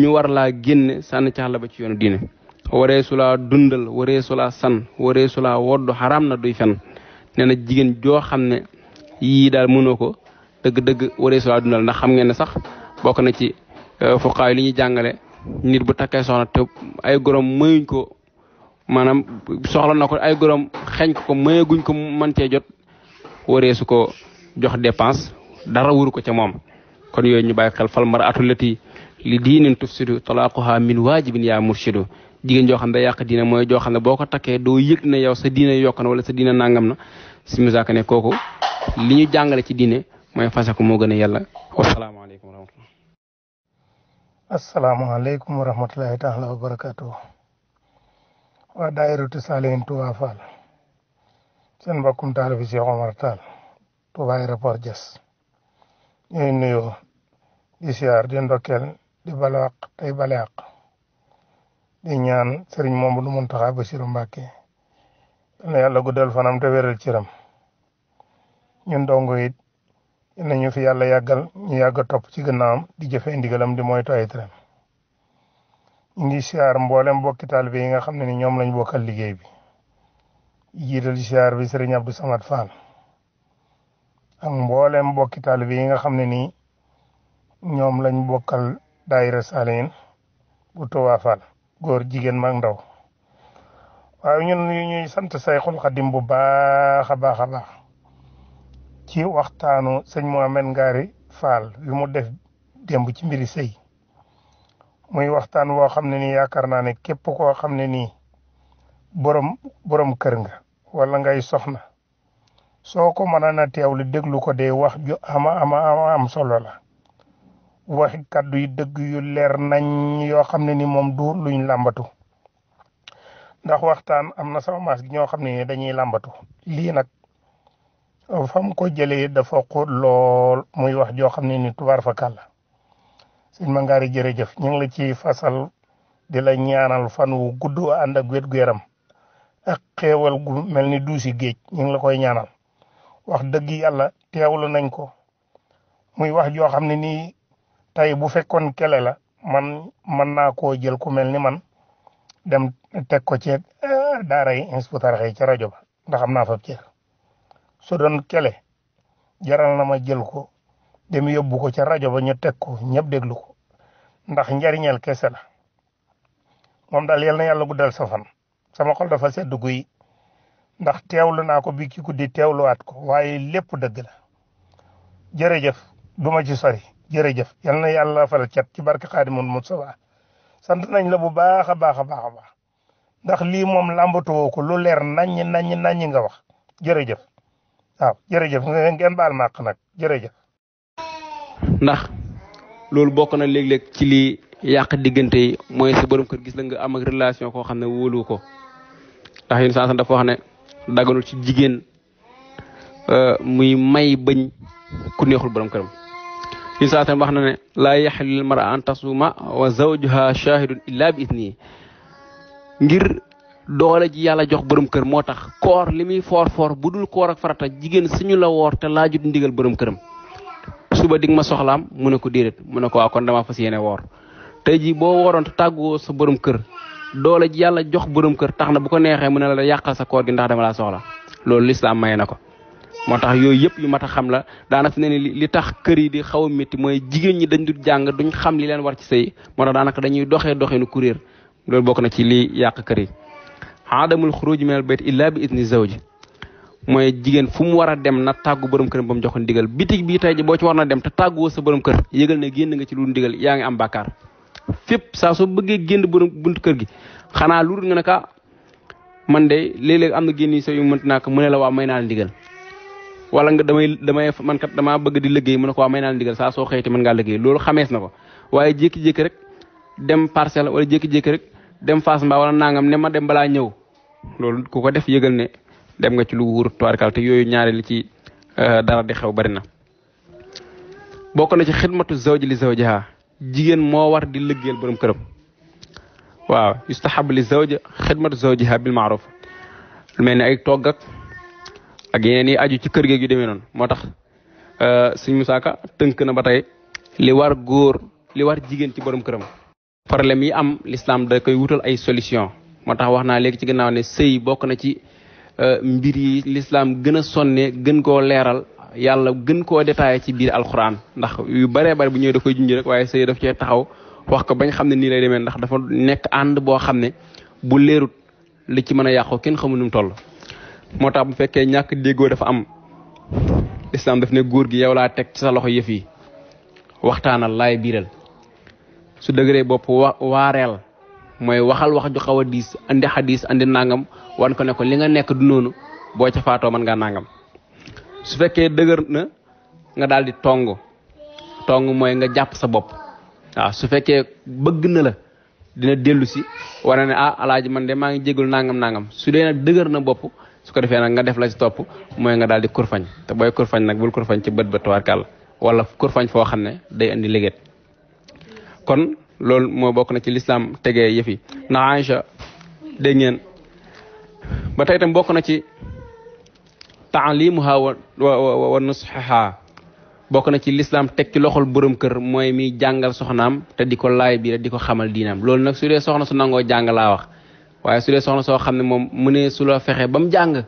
ñu war laa génne sànni ci àll ba ci yoonu diine waree su dundal waree su laa san waree su laa wodd xaraam na duy fen nee na jigéen joo xam ne yii daal mënoo ko dëgg-dëgg waree su dundal ndax xam ngeen ne sax bokk na ci eh, fuqaay li ñuy jàngale nit bu takkee soxna te ay gorom mayuñ ko maanaam soxla na ko ay gorom xeeñ ko ko mayaguñ ko mën cee jot waree su ko jox dépense dara wuru ko ca moom kon yooyu ñu bàyyi xel fal mar'atu lati li diinin tufsidu talaaquha min waajibin yaa murshidu jigéen joo xam ne yàq diina mooy joo xam ne boo ko takkee doo yëg ne yow sa diina yokk na wala sa diina nangam na si musaaka ne kooku li ñu jàngale ci diine mooy fasaku moo gën a yàlla wasalaamaaleykum wa rahmatullah asalaamaaleykum wa rahmatulahi taala wa barakaatu waa daayiratu Saalihin Tuubaa Fall seen mbokkum taalibe visi Omar to Touba aéroport jess ñuy nuyoo di siar di ndokel di balaq tey baleaq di ñaan sëriñ moom lu Muntaxa Basiru Mbàkke na yàlla guddal fanam te wéral ram ñun dongo it nañu fi yalla yagal ñu yag top ci gannaawam di jëfé ndigalam di moy ay tëram ñu ngi siyaar mboolem bokki taalibe yi nga lañ bokal liggéey bi jiital ziar bi serigne Abdou Samad Fall ak mbollem bokki talib yi nga xamne ni ñom lañ bokal daayira Saalihin bu towa Fall gor jigen mak ndaw waaw ñun ñuy sant Sayxul khadim bu baakha baakha baax ci waxtaanu serigne mohammed Ngari Fall wi mu def ci mbiri sey muy waxtaan wo xamne ne nii ne kep ko xamne ni borom borom keur nga wala ngay soxna soko manana mënoon deglu teewlu ko de wax ju ama ama ama am solo la waxi kaddu yi deug yu leer nañ yo xam ni mom du luñ lambatu ndax waxtaan am sama mas gi ñoo xam ni dañuy lambatu li nak fam ko jëlee dafa ko lol muy wax jo xam ni tubar fa kàlla sëñ Mangari jere jef ñing la ci fasal di la ñaanal fanu guddu gudd ànd ak gu yaram ak xéewal mel ni duusi géej ñu ngi koy ñaanal wax dëgg yàlla teewlu nañ ko muy wax joo xam ne nii tey bu fekkoon kele la man mën naa ko jël ku mel ni man dem teg ko ci daara yi inspecteur yi ca rajo ba ndax am naa fa ceer su doon kele jaral na ma jël ko dem yóbbu ko ca rajo ba ñu teg ko ñëpp déglu ko ndax njariñal kese la moom daal yal na yàlla guddal sa fan sama xol dafa sedd guy ndax tewlu na ko bi ci guddi teewluwaat ko waye lepp deug la jere jef duma ci sori jërëjëf yal na yàlla faral ciat ci barke xaadimul mustafa sant nañ la bu baakha baakha baakha ba ndax li mom lambatu woko lu leer nañ nañ nañ nga wax jef waaw jere jef ngeen mak nak jere jef ndax loolu bok na leg leg ci li yak digeunte moy sa borom keur gis la nga am ak relation ko xamne ndax yéen saa dafa wax ne daganul ci jigéen euh, muy may bañ ku neexul borom këram yéen saa tam wax na ne ngir doole ji yàlla jox borom kër moo tax koor li muy foor foor bu dul koor ak farata jigéen suñu la woor te laajut ndigal borom këram suba dig ma soxlaam mu ne ko déedéet mu ne ko waa kon dama fas yéene woor tey jii boo wooroon te tàggoo sa borom kër doole ji yàlla jox borom kër tax na bu ko neexee mu ne la yàqal sa koor gi ndax dama laa soxla loolu lislaam may na ko moo tax yooyu yëpp yu mat a xam la daana fi ne ni li tax kër yi di xaw a métti mooy jigéen ñi dañ dut jàng duñ xam li leen war ci sëy moo tax daanaka dañuy doxee doxinu kuréer loolu bokk na ci li yàq kër yi adamul xuruj min albayt illa bi idni zawj mooy jigéen fu mu war a dem na tàggu borom këram ba mu jox ko bitig ji boo ci war na dem te sa borom kër yëgal ne génn nga ci lu ndigal yaa am bàkkaar fépp saa soo bëggee génn borom buntu kër gi xanaa lu dul nga ne man de léeg-léeg am na génn sa yu mënt naa ko mu waa may naa la ndigal wala nga damay damay man kat damaa bëgg di liggéey mu ne ko waa may naa la ndigal saa soo xëyte mën ngaa liggéey loolu xamees na ko waaye jékki-jékki rek dem parcelle wala jékki-jékki rek dem faas Mbaa wala nangam ne ma dem balaa ñëw loolu ku ko def yëgal ne dem nga ci lu wóor tubaarkal te yooyu ñaare li ci euh, dara di xew bari na bokk na ci xidmatu zawji li zawjiha jigéen moo war di liggéeyal borom këram waaw yustahab li zawja xidmatu zawjiha bil maaruf lu mel ni ay togg ak ak yeneen aju ci kër gee yu demee noonu moo tax euh, suñ musaaka tënk na ba tey li war góor li war jigéen ci borom këram problème yi am l'islam da koy wutal ay solution moo tax wax naa léegi ci gannaaw ne sëy bokk na ci euh, mbir yi l'islam gën a sonne gën koo leeral yalla gën ko détaillé ci biir alcorane ndax yu bare bare bu ñëw da koy junj rek waye sey daf ci taxaw wax ko bañ xamné ni lay démé ndax dafa nekk and bo xamné bu lérut li ci mëna a yàqoo kenn xamul num toll moo bu fekkee ñak déggoo dafa am islam daf né goor gi yow la tek ci sa loxo yef yi waxtaanal laay biiral su dëgëree bop wa moy waxal wax ju xawa diis andi hadith andi nangam wan ko ne ko li nga nekk du nonu bo ci faato man nga nangam su fekke dëgër na nga daldi di tongo, moy nga japp sa bop waaw su fekke beug na la dina delu ci wane ah alaaji man de ma ngi jegul nangam nangam su de nak dëgër na bop su ko defé nak nga def la ci top moy nga daldi di te boy kurfagn nak bul kurfagn ci beut ba tubaarkàll wala kurfagn fo xamne day andi leget kon lol mo bok na ci l'islam tege yefi na aisha de ngeen ba tay tam bok na ci ta'limuha wa wa wa bok na ci l'islam tek ci loxol borom keur moy mi jangal soxnam te diko lay bi diko xamal dinam lol nak su dee soxna su nango jàng laa wax waye su dee soxna so xamne mom mune su lo bam jang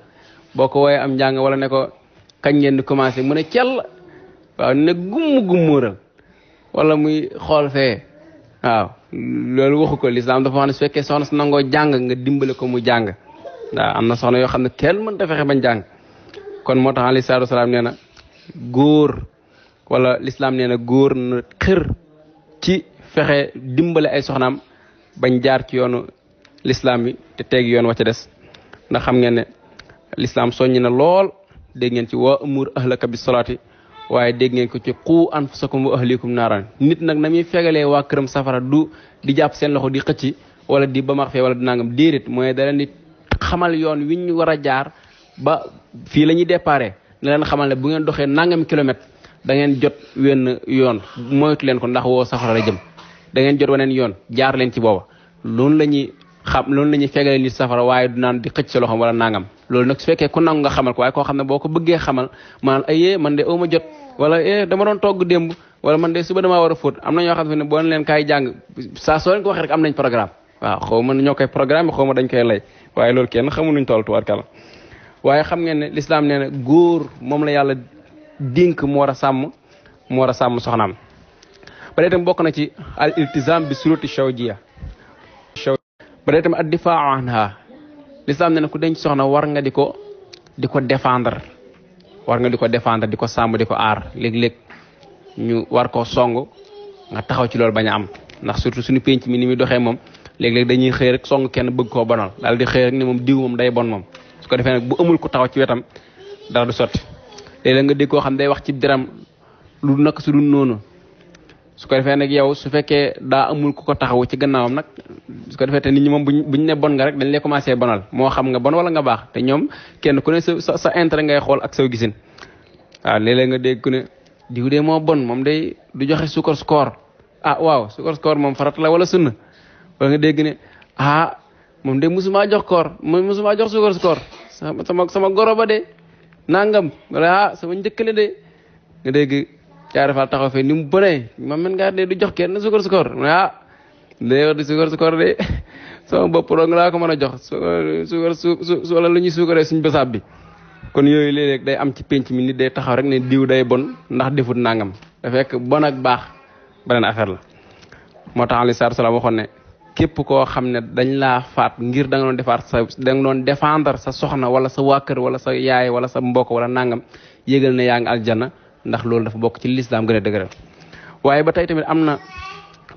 boko waye am jang wala ne ko kagn ngeen commencé mune ne waaw ne gum gummuural wala muy xol fe waaw lol waxu l'islam dafa wax ne su soxna su nango jang nga dimbale ko mu jang da am na soxna yo xamne kel mën ta fexe bañ jang kon moo tax alayhi salaatu wasalaam nee na góor wala lislaam nee na góor na xër ci fexe dimbale ay soxnaam bañ jaar ci yoonu lislaam bi te teeg yoon wa ca des ndax xam ngeen ne lislaam soññ na lool dégg ngeen ci wa amur ahlaka bi solaati waaye dégg ngeen ko ci qu anfusakum wa ahlikum naran. nit nag na muy wa waa këram safara du di jàpp seen loxo di xëcc wala di bamax fee wala di nangam déedéet mooy dara nit xamal yoon wi ñu war a jaar ba fii la ñuy déparé ne leen xamal ne bu ngeen doxee nangam kilomètre dangeen jot wenn yoon moytu leen ko ndax woo safara la jëm da ngeen jot waneen yoon jaar leen ci booba loolu la ñuy xam loolu la ñuy fegalee nit safara waaye du naan di xëcc sa loxoom wala nangam loolu nag su fekkee ku nangu xamal ko waaye koo xam ne boo ko bëggee xamal maanaam ayee eh, man de aw jot wala eh dama doon togg démb wala man de suba damaa war a fóot am na ñoo xam ne boo leen kaay jàng saa soo leen ko waxee rek am nañ programme waaw xaw ma ñoo koy programme xaw ma dañ koy lay waaye loolu kenn xamunuñ toll kala waaye xam ngeen ne lislaam nee na góor moom la yàlla dink mu war a sàmm mu war a sàmm soxnaam ba dee tam bokk na ci al iltizam bi suruti shawjiya ba dee tam ad difaa anha lislaam nee na ku denc soxna war nga di ko di ko défendre war nga di ko défendre di ko sàmm di ko aar léeg-léeg ñu war ko song nga taxaw ci loolu bañ a am ndax surtout suñu penc mi ni muy doxee moom léeg-léeg dañuy xëy rek song kenn bëgg ko bonal daal di xëy ni ne moom diw moom day bon moom su ko defee nag bu amul ku taxaw ci wetam dara du sotti léeg-léeg nga dégg koo xam day wax ci diram lu nak su du noonu su ko defee nag yow su fekkee daa amul ku ko taxaw ci gannaawam nag su ko defee te nit ñi moom buñ buñ ne bon nga rek dañ lay commencé bonal moo xam nga bon wala nga baax te ñoom kenn ku ne sa sa intérêt ngay xool ak saw gisin waaw léeg-léeg nga dégg ku ne diw de moo bon moom day du joxe sukar score ah waaw sukar score moom farat la wala sunna wala nga dégg ne ah moom de musuma jox koor musuma jox sukar score sama sama sama goro ba de nangam wala sama njëkkale de nga dégg caare fa taxaw fe nim mu ma men nga de du jox kenn sukor sukor ah de du sukor sukor de sama bop rong laa ko meuna jox sukor su wala luñu ñuy suñu besab bi kon yoy le rek day am ci pench mi nit day taxaw rek ne diw day bon ndax defut nangam da fek bon ak bax benen affaire la moo tax sar salaatu waxone képp koo xam ne dañ laa faat ngir da nga doon sa da nga défendre sa soxna wala sa waa kër wala sa yaay wala sa mbokk wala nangam yégal na yaa ngi aljana ndax loolu dafa bokk ci lislaam gën a waaye ba tey tamit am na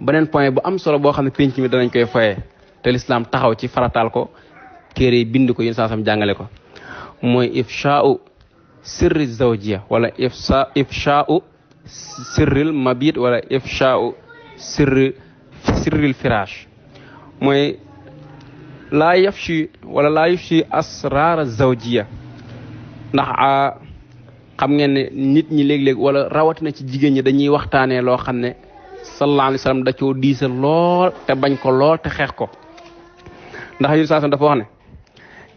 beneen point bu am solo boo xam ne pénc mi danañ koy foyee te lislaam taxaw ci farataal ko téere yi bind ko yéen saa sam jàngale ko mooy ifshaa'u sirri zawjiya wala ifsa ifshaa'u sirril mabit wala ifshaa'u sirri sirril firaash mooy laa yafshi wala laa yafshi asraara zawjiya ndax a xam ngeen ne nit ñi léeg-léeg wala rawatina ci jigéen ñi dañuy waxtaanee loo xam ne sallallahu alayhi wasallam da coo diisa lool te bañ ko lool te xeex ko ndax yu saa dafa wax ne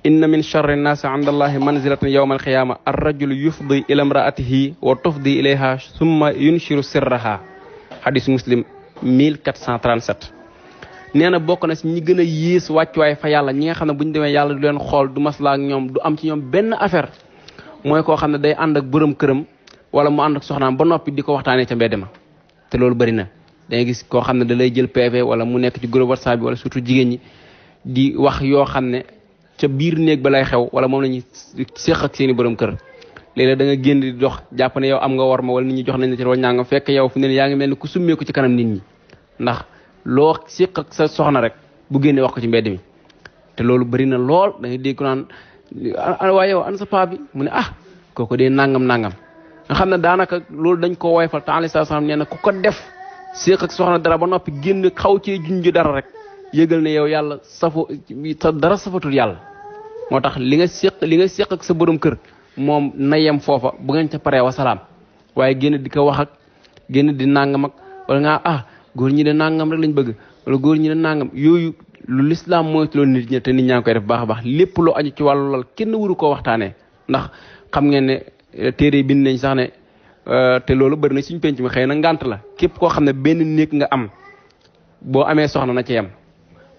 inna min charri nnaasi inda allahi manzilatan yawma alqiyama ar rajulu yufdi ila imraatihi wa tufdi ilayha summa yunshiru sirraha hadis muslim 1437 nee na bokk na si ñi gën a yées wàccuwaay fa yàlla ñi nga xam ne bu ñu demee yàlla du leen xool du maslaa ak ñoom du am ci ñoom benn affaire mooy koo xam ne day ànd ak borom këram wala mu ànd ak soxnaam ba noppi di ko waxtaanee ca mbedd ma te loolu bëri na da gis koo xam ne da lay jël PV wala mu nekk ci groupe whatsapp bi wala surtout jigéen ñi di wax yoo xam ne ca biir néeg ba lay xew wala moom la ñuy séq ak seen i borom kër léeg-léeg da nga génn di dox jàpp ne yow am nga war ma wala nit ñi jox nañ la ci wala ñaa nga fekk yow fu ne yaa ngi mel ni ku summeeku ci kanam nit ñi ndax loo séq ak sa soxna rek bu génne wax ko ci mbedd mi te loolu bari na lool da ngay dégg naan wa yow an sa paa bi mu ah koko dee nangam nangam nga xam danaka daanaka loolu dañ ko woyfal ta ali sam nee na ku ko def séq ak soxna dara ba nopi génn xaw ci dara rek yëgal ne yow yalla safo ta dara safatul yalla motax li nga séq li nga séq ak sa borom kër mom nayam fofa bu ngeen ca wa salam waye génn di ko wax ak génn di nangam ak wala nga ah góor ñi de nangam rek lañ bëgg wala góor ñi de nangam yooyu lu lislaam moytuloo nit ñi te nit ñaa ngi koy def baax a baax lépp loo aju ci wàllu lool kenn waru koo waxtaanee ndax xam ngeen ne eh, téere bind nañ sax ne eh, te loolu bëri na suñ penc mi xëy na ngànt la képp koo xam ne benn néeg nga am boo amee soxna na ci yem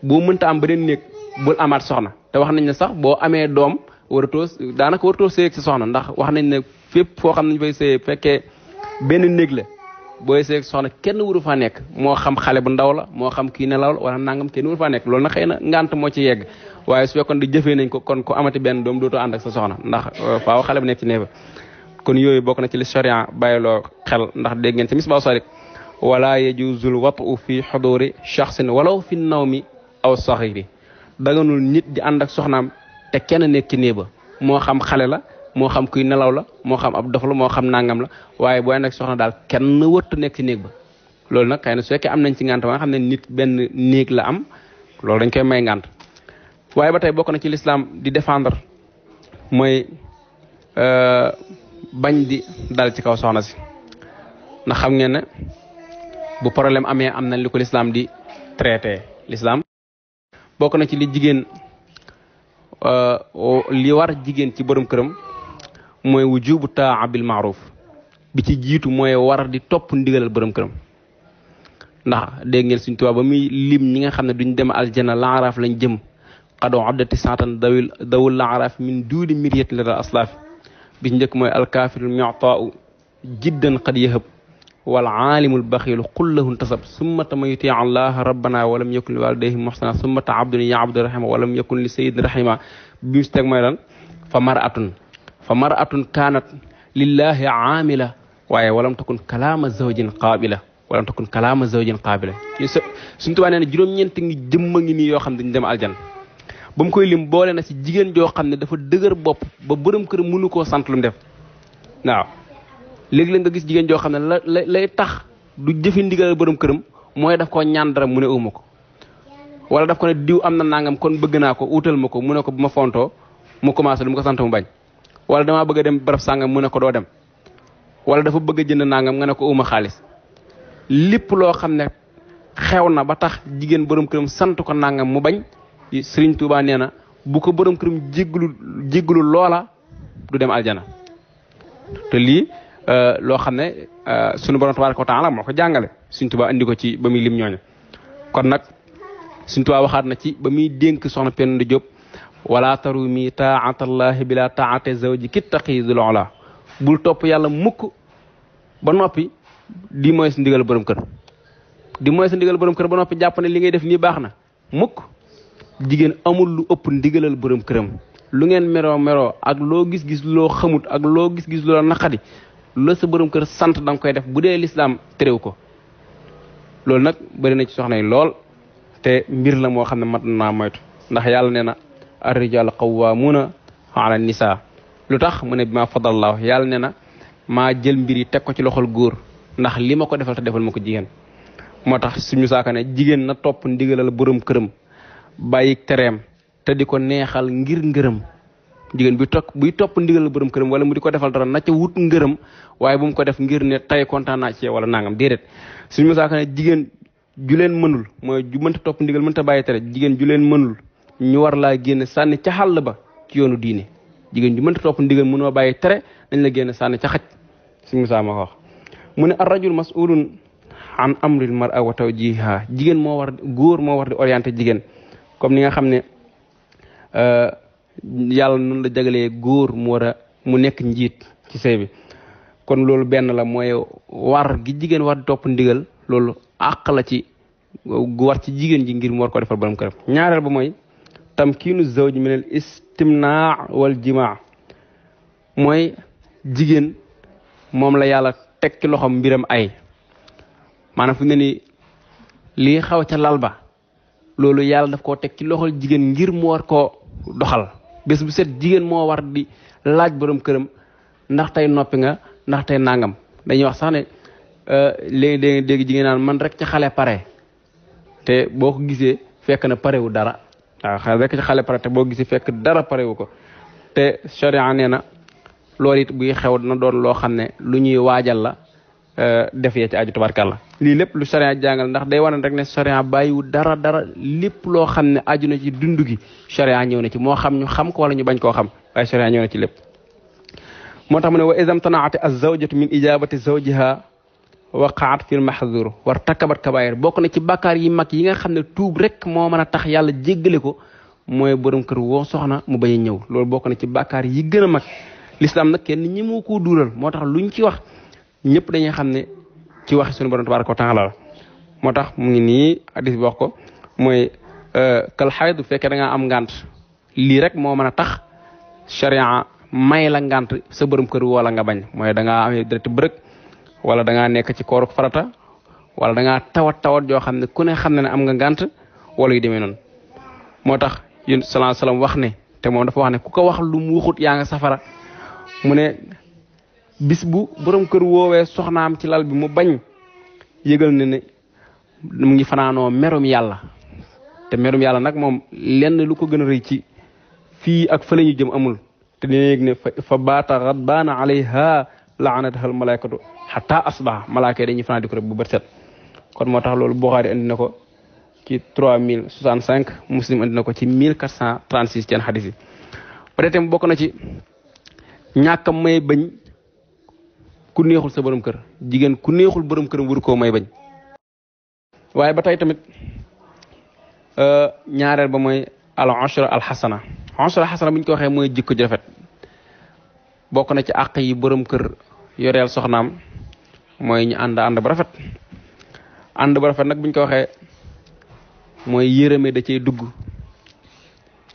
boo mënta am beneen néeg bul amaat soxna te wax nañ ne sax boo amee doom waratoo daanaka waratoo sëyeeg sa soxna ndax wax nañ ne fépp foo xam ne ñu fay sëyee fekkee benn néeg la boy seeg soxna kenn wuro fa nek mo xam xale bu ndaw la mo xam ki nelaw la wala nangam kenn wuro fa nek loolu na xeyna ngant mo ci yegg waye su fekkon di jëfee nañ ko kon ko amati ben dom doto ànd ak sa soxna ndax faaw xale bu nek ci neba kon yoy bok na ci li sharia bàyyiloo xel ndax deg ngeen ci misbaa sarik wala yajuzul watu fi huduri shakhsin walaw fi nawmi aw sahiri saxiri daganul nit di ànd ak soxnam te kenn nek ci neba mo xam xale la moo xam kuy nelaw la moo xam ab dof la moo xam nangam la waaye boo ànd ak soxna daal kenn wëtt nekk ci néeg ba loolu nag xëy na su fekkee am nañ ci ngànt ba xam ne nit benn néeg la am loolu dañ koy may ngànt waaye ba tey bokk na ci lislaam di défendre mooy euh, bañ di dal ci kaw soxna si ndax xam ngeen ne bu problème amee am nañ li ko lislaam di traité lislaam bokk na ci li jigéen euh, li war jigéen ci borom këram mooy wujubu taa bil maaruf bi ci jiitu mooy war di topp ndigalal borom këram ndax dégg ngeen suñu tuba ba muy lim ñi nga xamne duñ dem aljana la araf lañ jëm qadu adati satan dawil dawul la araf min duli miriyat la aslaf bi ñeek moy al kafirul mu'ta'u jiddan qad yahab wal aalimul baxiilu kullahu tasab summa tamayti yuti allaha rabbana wa lam yakul walidayhi muhsana summa ta abdun ya abdu wa lam yakul li sayidin rahima bi mu moy lan fa maratun fa maratun kanat lillahi aamila waaye walam takun kalaama zawjin qaabila walam takun kalaama zawjin qaabila suñu tubaa nee na juróom-ñeent ngi jëmma ngi nii yoo xam ne dañu dem aljan ba mu koy lim boole na si jigéen joo xam ne dafa dëgër bopp ba borom kër mënu koo sant lu mu def waaw léegi-léeg nga gis jigéen joo xam ne la lay tax du jëfi ndigal borom këram mooy daf ko ñaan dara mu ne uma ko wala daf ko ne diw am na nangam kon bëgg naa ko uutal ma ko mu ne ko bu ma fontoo mu commencé lu mu ko sant mu bañ wala dama bëgg dem bërf sangam mu ne ko doo dem wala dafa bëgg jënd nangam nga ne ko uma xaalis lépp loo xam ne ba tax jigéen borom këram sant ko nangam mu bañ sëriñ tuuba nee na bu ko borom këram jéglu jéglu loola du dem aljana te lii euh, loo xam ne euh, sunu borom tabaraka wa taala moo ko jàngale sëriñ tuuba andi ko ci ba muy lim ñooñu kon nag sëriñ tuuba waxaat na ci ba muy soxna di wala tarumi taatallaahi bila taate zawji ki taqi dul ola bul topp yàlla mukk ba noppi di mooy sa ndigal borom kër di mooy sa ndigal kër ba noppi jàpp li ngay def nii baax na mukk jigéen amul lu ëpp ndigalal borom këram lu ngeen meroo meroo ak loo gis-gis loo xamut ak loo gis-gis loo naqadi loo sa borom kër sant da koy def bu dee lislaam terew ko loolu nag bëri na ci soxna yi lool te mbir la moo xam ne mat naa moytu ndax yàlla nee ar-rijal qawwamuna ala nisa lutax mune bima fadal allah yal na ma jël mbir yi teg ko ci loxol goor ndax lima ko defal ta defal mako jigen motax suñu saaka ne na top ndigalal borom kërëm bayik terem te diko neexal ngir ngeureum jigen bi tok buy top ndigal borom kërëm wala mu diko defal dara na ca wut ngeureum waye bu mu ko def ngir ne tay contant na ci wala nangam dedet suñu musaaka ne jigéen mënul moy ju top ndigal ta bàyyi tere jigen julen mënul ñu war la genn sànni ca xàll ba ci yoonu diine jigéen ju mënta topp ndigal mënoo bàyyi tere dañ la genn sànni ca xaj si musa ma ko wax mu ne ar rajul masulun an amril mar'a wa tawjiha jigéen moo war góor moo war di orienté jigéen comme ni nga xam ne euh, yàlla nun la jagalee góor mu war a mu nekk njiit ci sëy bi kon loolu benn la mooy war gi jigéen war di topp ndigal loolu àq la ci war ci jigéen ji ngir mu war ko defal borom këram ñaareel ba mooy tamkinu zawj min al istimna wal jima mooy jigéen moom la yàlla teg ci loxom mbiram ay maanaam fu ne ni lii xaw ca lal ba loolu daf koo teg ci loxol ngir mu war koo doxal bés bu set jigéen moo war di laaj borom këram ndax tey noppi nga ndax tey nangam dañuy wax sax ne euh, léegi léegi dégg jigéen man rek ci xale pare te boo ko gisee fekk na dara waaw xale rek ci pare te boo gisee fekk dara parewu ko te charia nee na lool it buy xew dina doon loo xam ne lu ñuy waajal la euh, def yee ci aju la lii lépp lu charia jàngal ndax day wane rek ne charia bàyyiwu dara dara lépp loo xam ne aju na ci dund gi charia ñëw na ci moo xam ñu xam ko wala ñu bañ koo xam waaye charia ñëw na ci lépp moo tax mu ne wa isam tanaati az zawjatu min ijabati zawjiha waqaat fil mahzur war takabat kabair bok na ci bakar yi mak yi nga xamne tuub rek mo meuna tax yalla jéggale ko moy borom kër wo soxna mu baye ñew ñëw bok na ci bakar yi gëna mak l'islam nak kenn ñi mo ko dural motax luñ ci wax ñepp dañuy xamne ci wax suñu borom tabaraku taala motax mu ngi ni hadith bok ko moy kal hayd bu da nga am ngant li rek mo meuna tax sharia may la ngant sa borom kër wo la nga bañ moy da nga am direct wala da ngaa nekk ci kooruk farata wala da tawat tawat joo xam ne ku ne xam ne ne am nga ngànt wala yu demee noonu moo tax yun salaa salaam wax ne te moom dafa wax ne ku ko wax lu mu waxut yaa nga safara mu ne bis bu borom kër woowee soxnaam ci lal bi mu bañ yëgal ne ne mu ngi fanaanoo merum yàlla te merum yàlla nag moom lenn lu ko gën a rëy ci fii ak fa la jëm amul te dina yëg ne fa baata xadbaana alayha laanataha al malaykatu xataa asba malaaka yi dañuy fanaan di rek bu bët set kon moo tax loolu Buxaari indi na ko ci trois mille soixante cinq muslim indi na ko ci mille quatre cent trente six seen xadis yi peut être bokk na ci ñàkk may bañ ku neexul sa borom kër jigéen ku neexul borom kër waru koo may bañ waaye ba tey tamit euh, ñaareel ba mooy al ashra al xasana ashra al xasana bu ñu ko waxee mooy jikko jafet bokk na ci àq yi borom kër yoreel soxnaam Moy ñu anda and bu rafet ànd nak rafet nag buñ ko waxee moy yërëme da dugu, dugg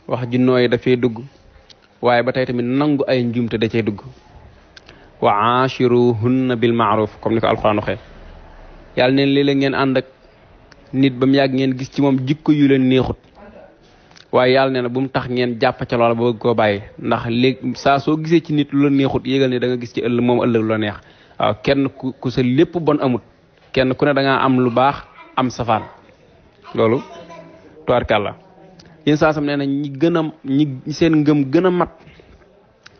wax ji noy da fay dugg waye batay tamit nangu ay njumte da cey dugg wa ashiruhunna bil ma'ruf comme ni ko alquran waxee yalla neen leele ngeen and ak nit bam yag gisti ngeen gis ci mom jikko yu leen neexut waye yalla neena bu mu tax ngeen jàpp ci loola bo bëgg baye ndax léegi saa so gisee ci nit lu leen neexut yegal ni da nga gis ci mom lu neex waaw kenn ku ku sa lépp bon amut kenn ku ne da am lu baax am safaan loolu tubaarkàlla yéen saa sam nee na ñi gën a seen ngëm gën a mat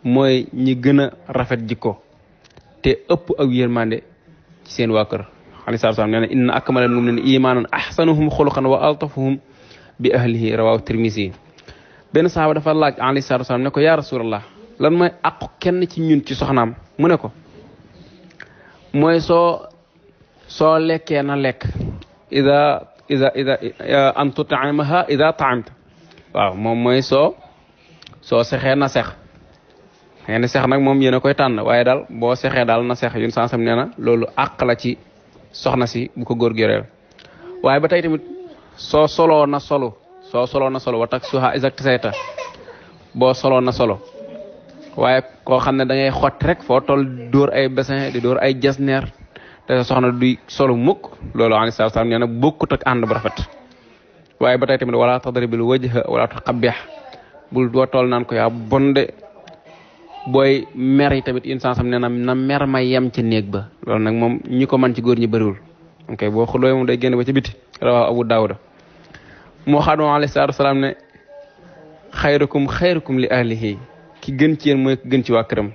mooy ñi gën a rafet jikko te ëpp ak yërmande ci seen waa kër alayhi salaatu salaam nee na inna akmalal mu'miniina imaanan ahsanuhum xuluqan wa altafuhum bi ahlihi rawaahu tirmisi benn saxaaba dafa laaj alayhi salaatu salaam ne ko yaa rasulallah lan mooy aqu kenn ci ñun ci soxnaam mu ne ko mooy soo soo lekkee na lekk ida ida ida eh, an tutimaha ida taamta waaw moom mooy soo soo sexee na sex xëy na sex nag moom yéen koy tànn waaye daal boo sexee daal na seex yun sansam nee na loolu àq la ci soxna si bu ko góor gi réew waaye ba tey tamit soo soloo na solo soo soloo na solo wa tak suha isak sayta boo soloo na solo waaye koo xam ne da ngay xotti rek foo toll dóor ay bassin di dóor ay jasneer te soxna du solo mukk loolu ani salaatu salaam nee na bokkut ak ànd bu rafet waaye ba tey tamit wala wala bul doo toll naan ko yaa bonde booy mer yi tamit insaan sam nee na na mer ma yem ci néeg ba loolu nag moom ñi ko man ci góor ñi bëriwul ok boo xuloo moom day génn ba ci biti rawa abu daawuda moo xaadu alayhi salaatu salaam ne xayrukum xayrukum li ahlihi ki gën ci yeen teman ki gën ci wa këram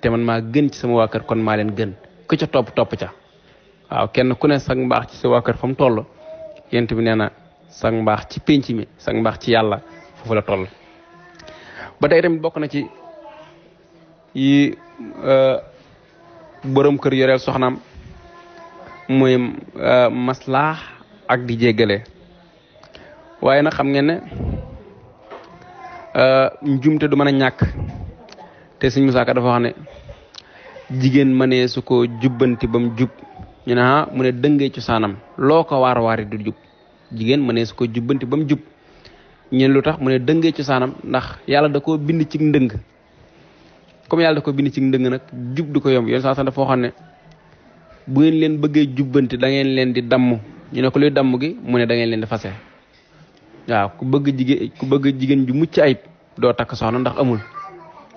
té man ma gën ci sama wa kër kon ma leen gën ku ci top top ca waaw kenn ku ne sag mbax ci sa wa kër fam toll yent bi neena na mbax ci pénc mi sag mbax ci yalla fofu la toll ba tay tam bok na ci yi euh, borom kër yorel soxnam moy euh, maslah ak di jéggalé waaye na xam ngeen ne Euh, njumte du mën a ñàkk te suñ musaaka dafa wax ne jigéen mënee su ko jubbanti ba jub ñu ne ah mu ne dëngee cosaanam loo ko waar waari du jub jigéen mënee su ko jubbanti ba jub ñu lu tax mu ne dëngee cosaanam ndax yàlla da koo bind ci ndëng comme yàlla da ko bind ci ndëng nag jub du ko yom yoon saa sax dafa waxoon ne bu ngeen leen bëggee jubbanti da ngeen leen di damm ñu ne ko luy damm gi mu ne da leen di fase waaw ku bëgg jigéen ku bëgg jigéen ju mucc ayib do tak soxna ndax amul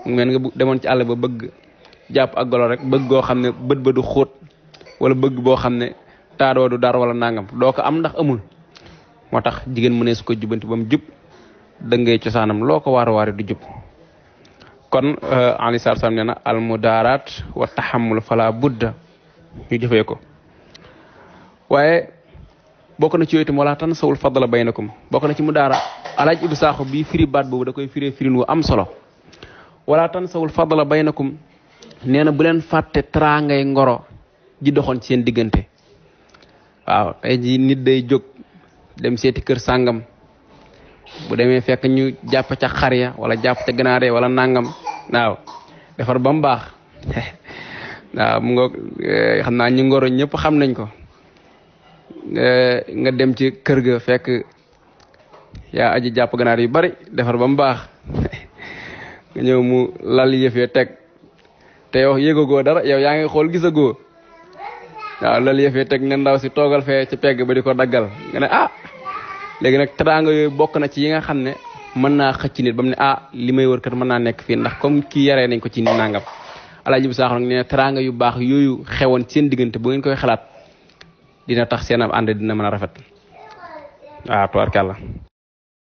ngeen nga Demon ci àll ba bëgg japp ak golo rek bëgg go xamne ne bët ba du wala bëgg bo xamne ne do du dar wala nangam do ko am ndax amul motax jigen mu ne su ko jubanti bam mu jub da ngay ci sanam loko war war du jub kon euh, ali sar sam neena al mudarat wa tahammul fala budda ñu jëfé ko waye bokk na ci yoytu moo tan sawul fadala baynakum bokk na ci mudara alaj ibu bi firi bat bobu da koy firi firin wu am solo wala tan sawul fadala baynakum neena bu len fatte tra ngay ngoro ji doxon ci sen digeunte waaw tay ji nit day jog dem seti keur sangam bu demé fekk ñu japp ci xariya wala japp ci ya, wala nangam waaw defar bam baax [LAUGHS] mu ngok eh, xamna naa ñu ngoro ñepp xam nañ ko nga dem ci kër ga fekk yaa aji jàpp ganaar yu bari defar ba mu baax [LAUGHS] nga ñëw mu lal yëf ya teg te yow yëgagoo dara yow yaa ngi xool gisagoo waaw lal yëf ya teg ne ndaw si toogal fee ci pegg ba di ko daggal nga ne ah léegi nag teraanga yooyu bokk na ci yi nga xam ne mën naa xëcc nit ba mu ne ah li may wër kat mën naa nekk fii ndax comme ki yaree nañ ko ci nangam ne yu baax yooyu xewoon seen diggante bu ngeen koy xalaat dina tax seen am ànd dina mën a rafet waaw tubarkàlla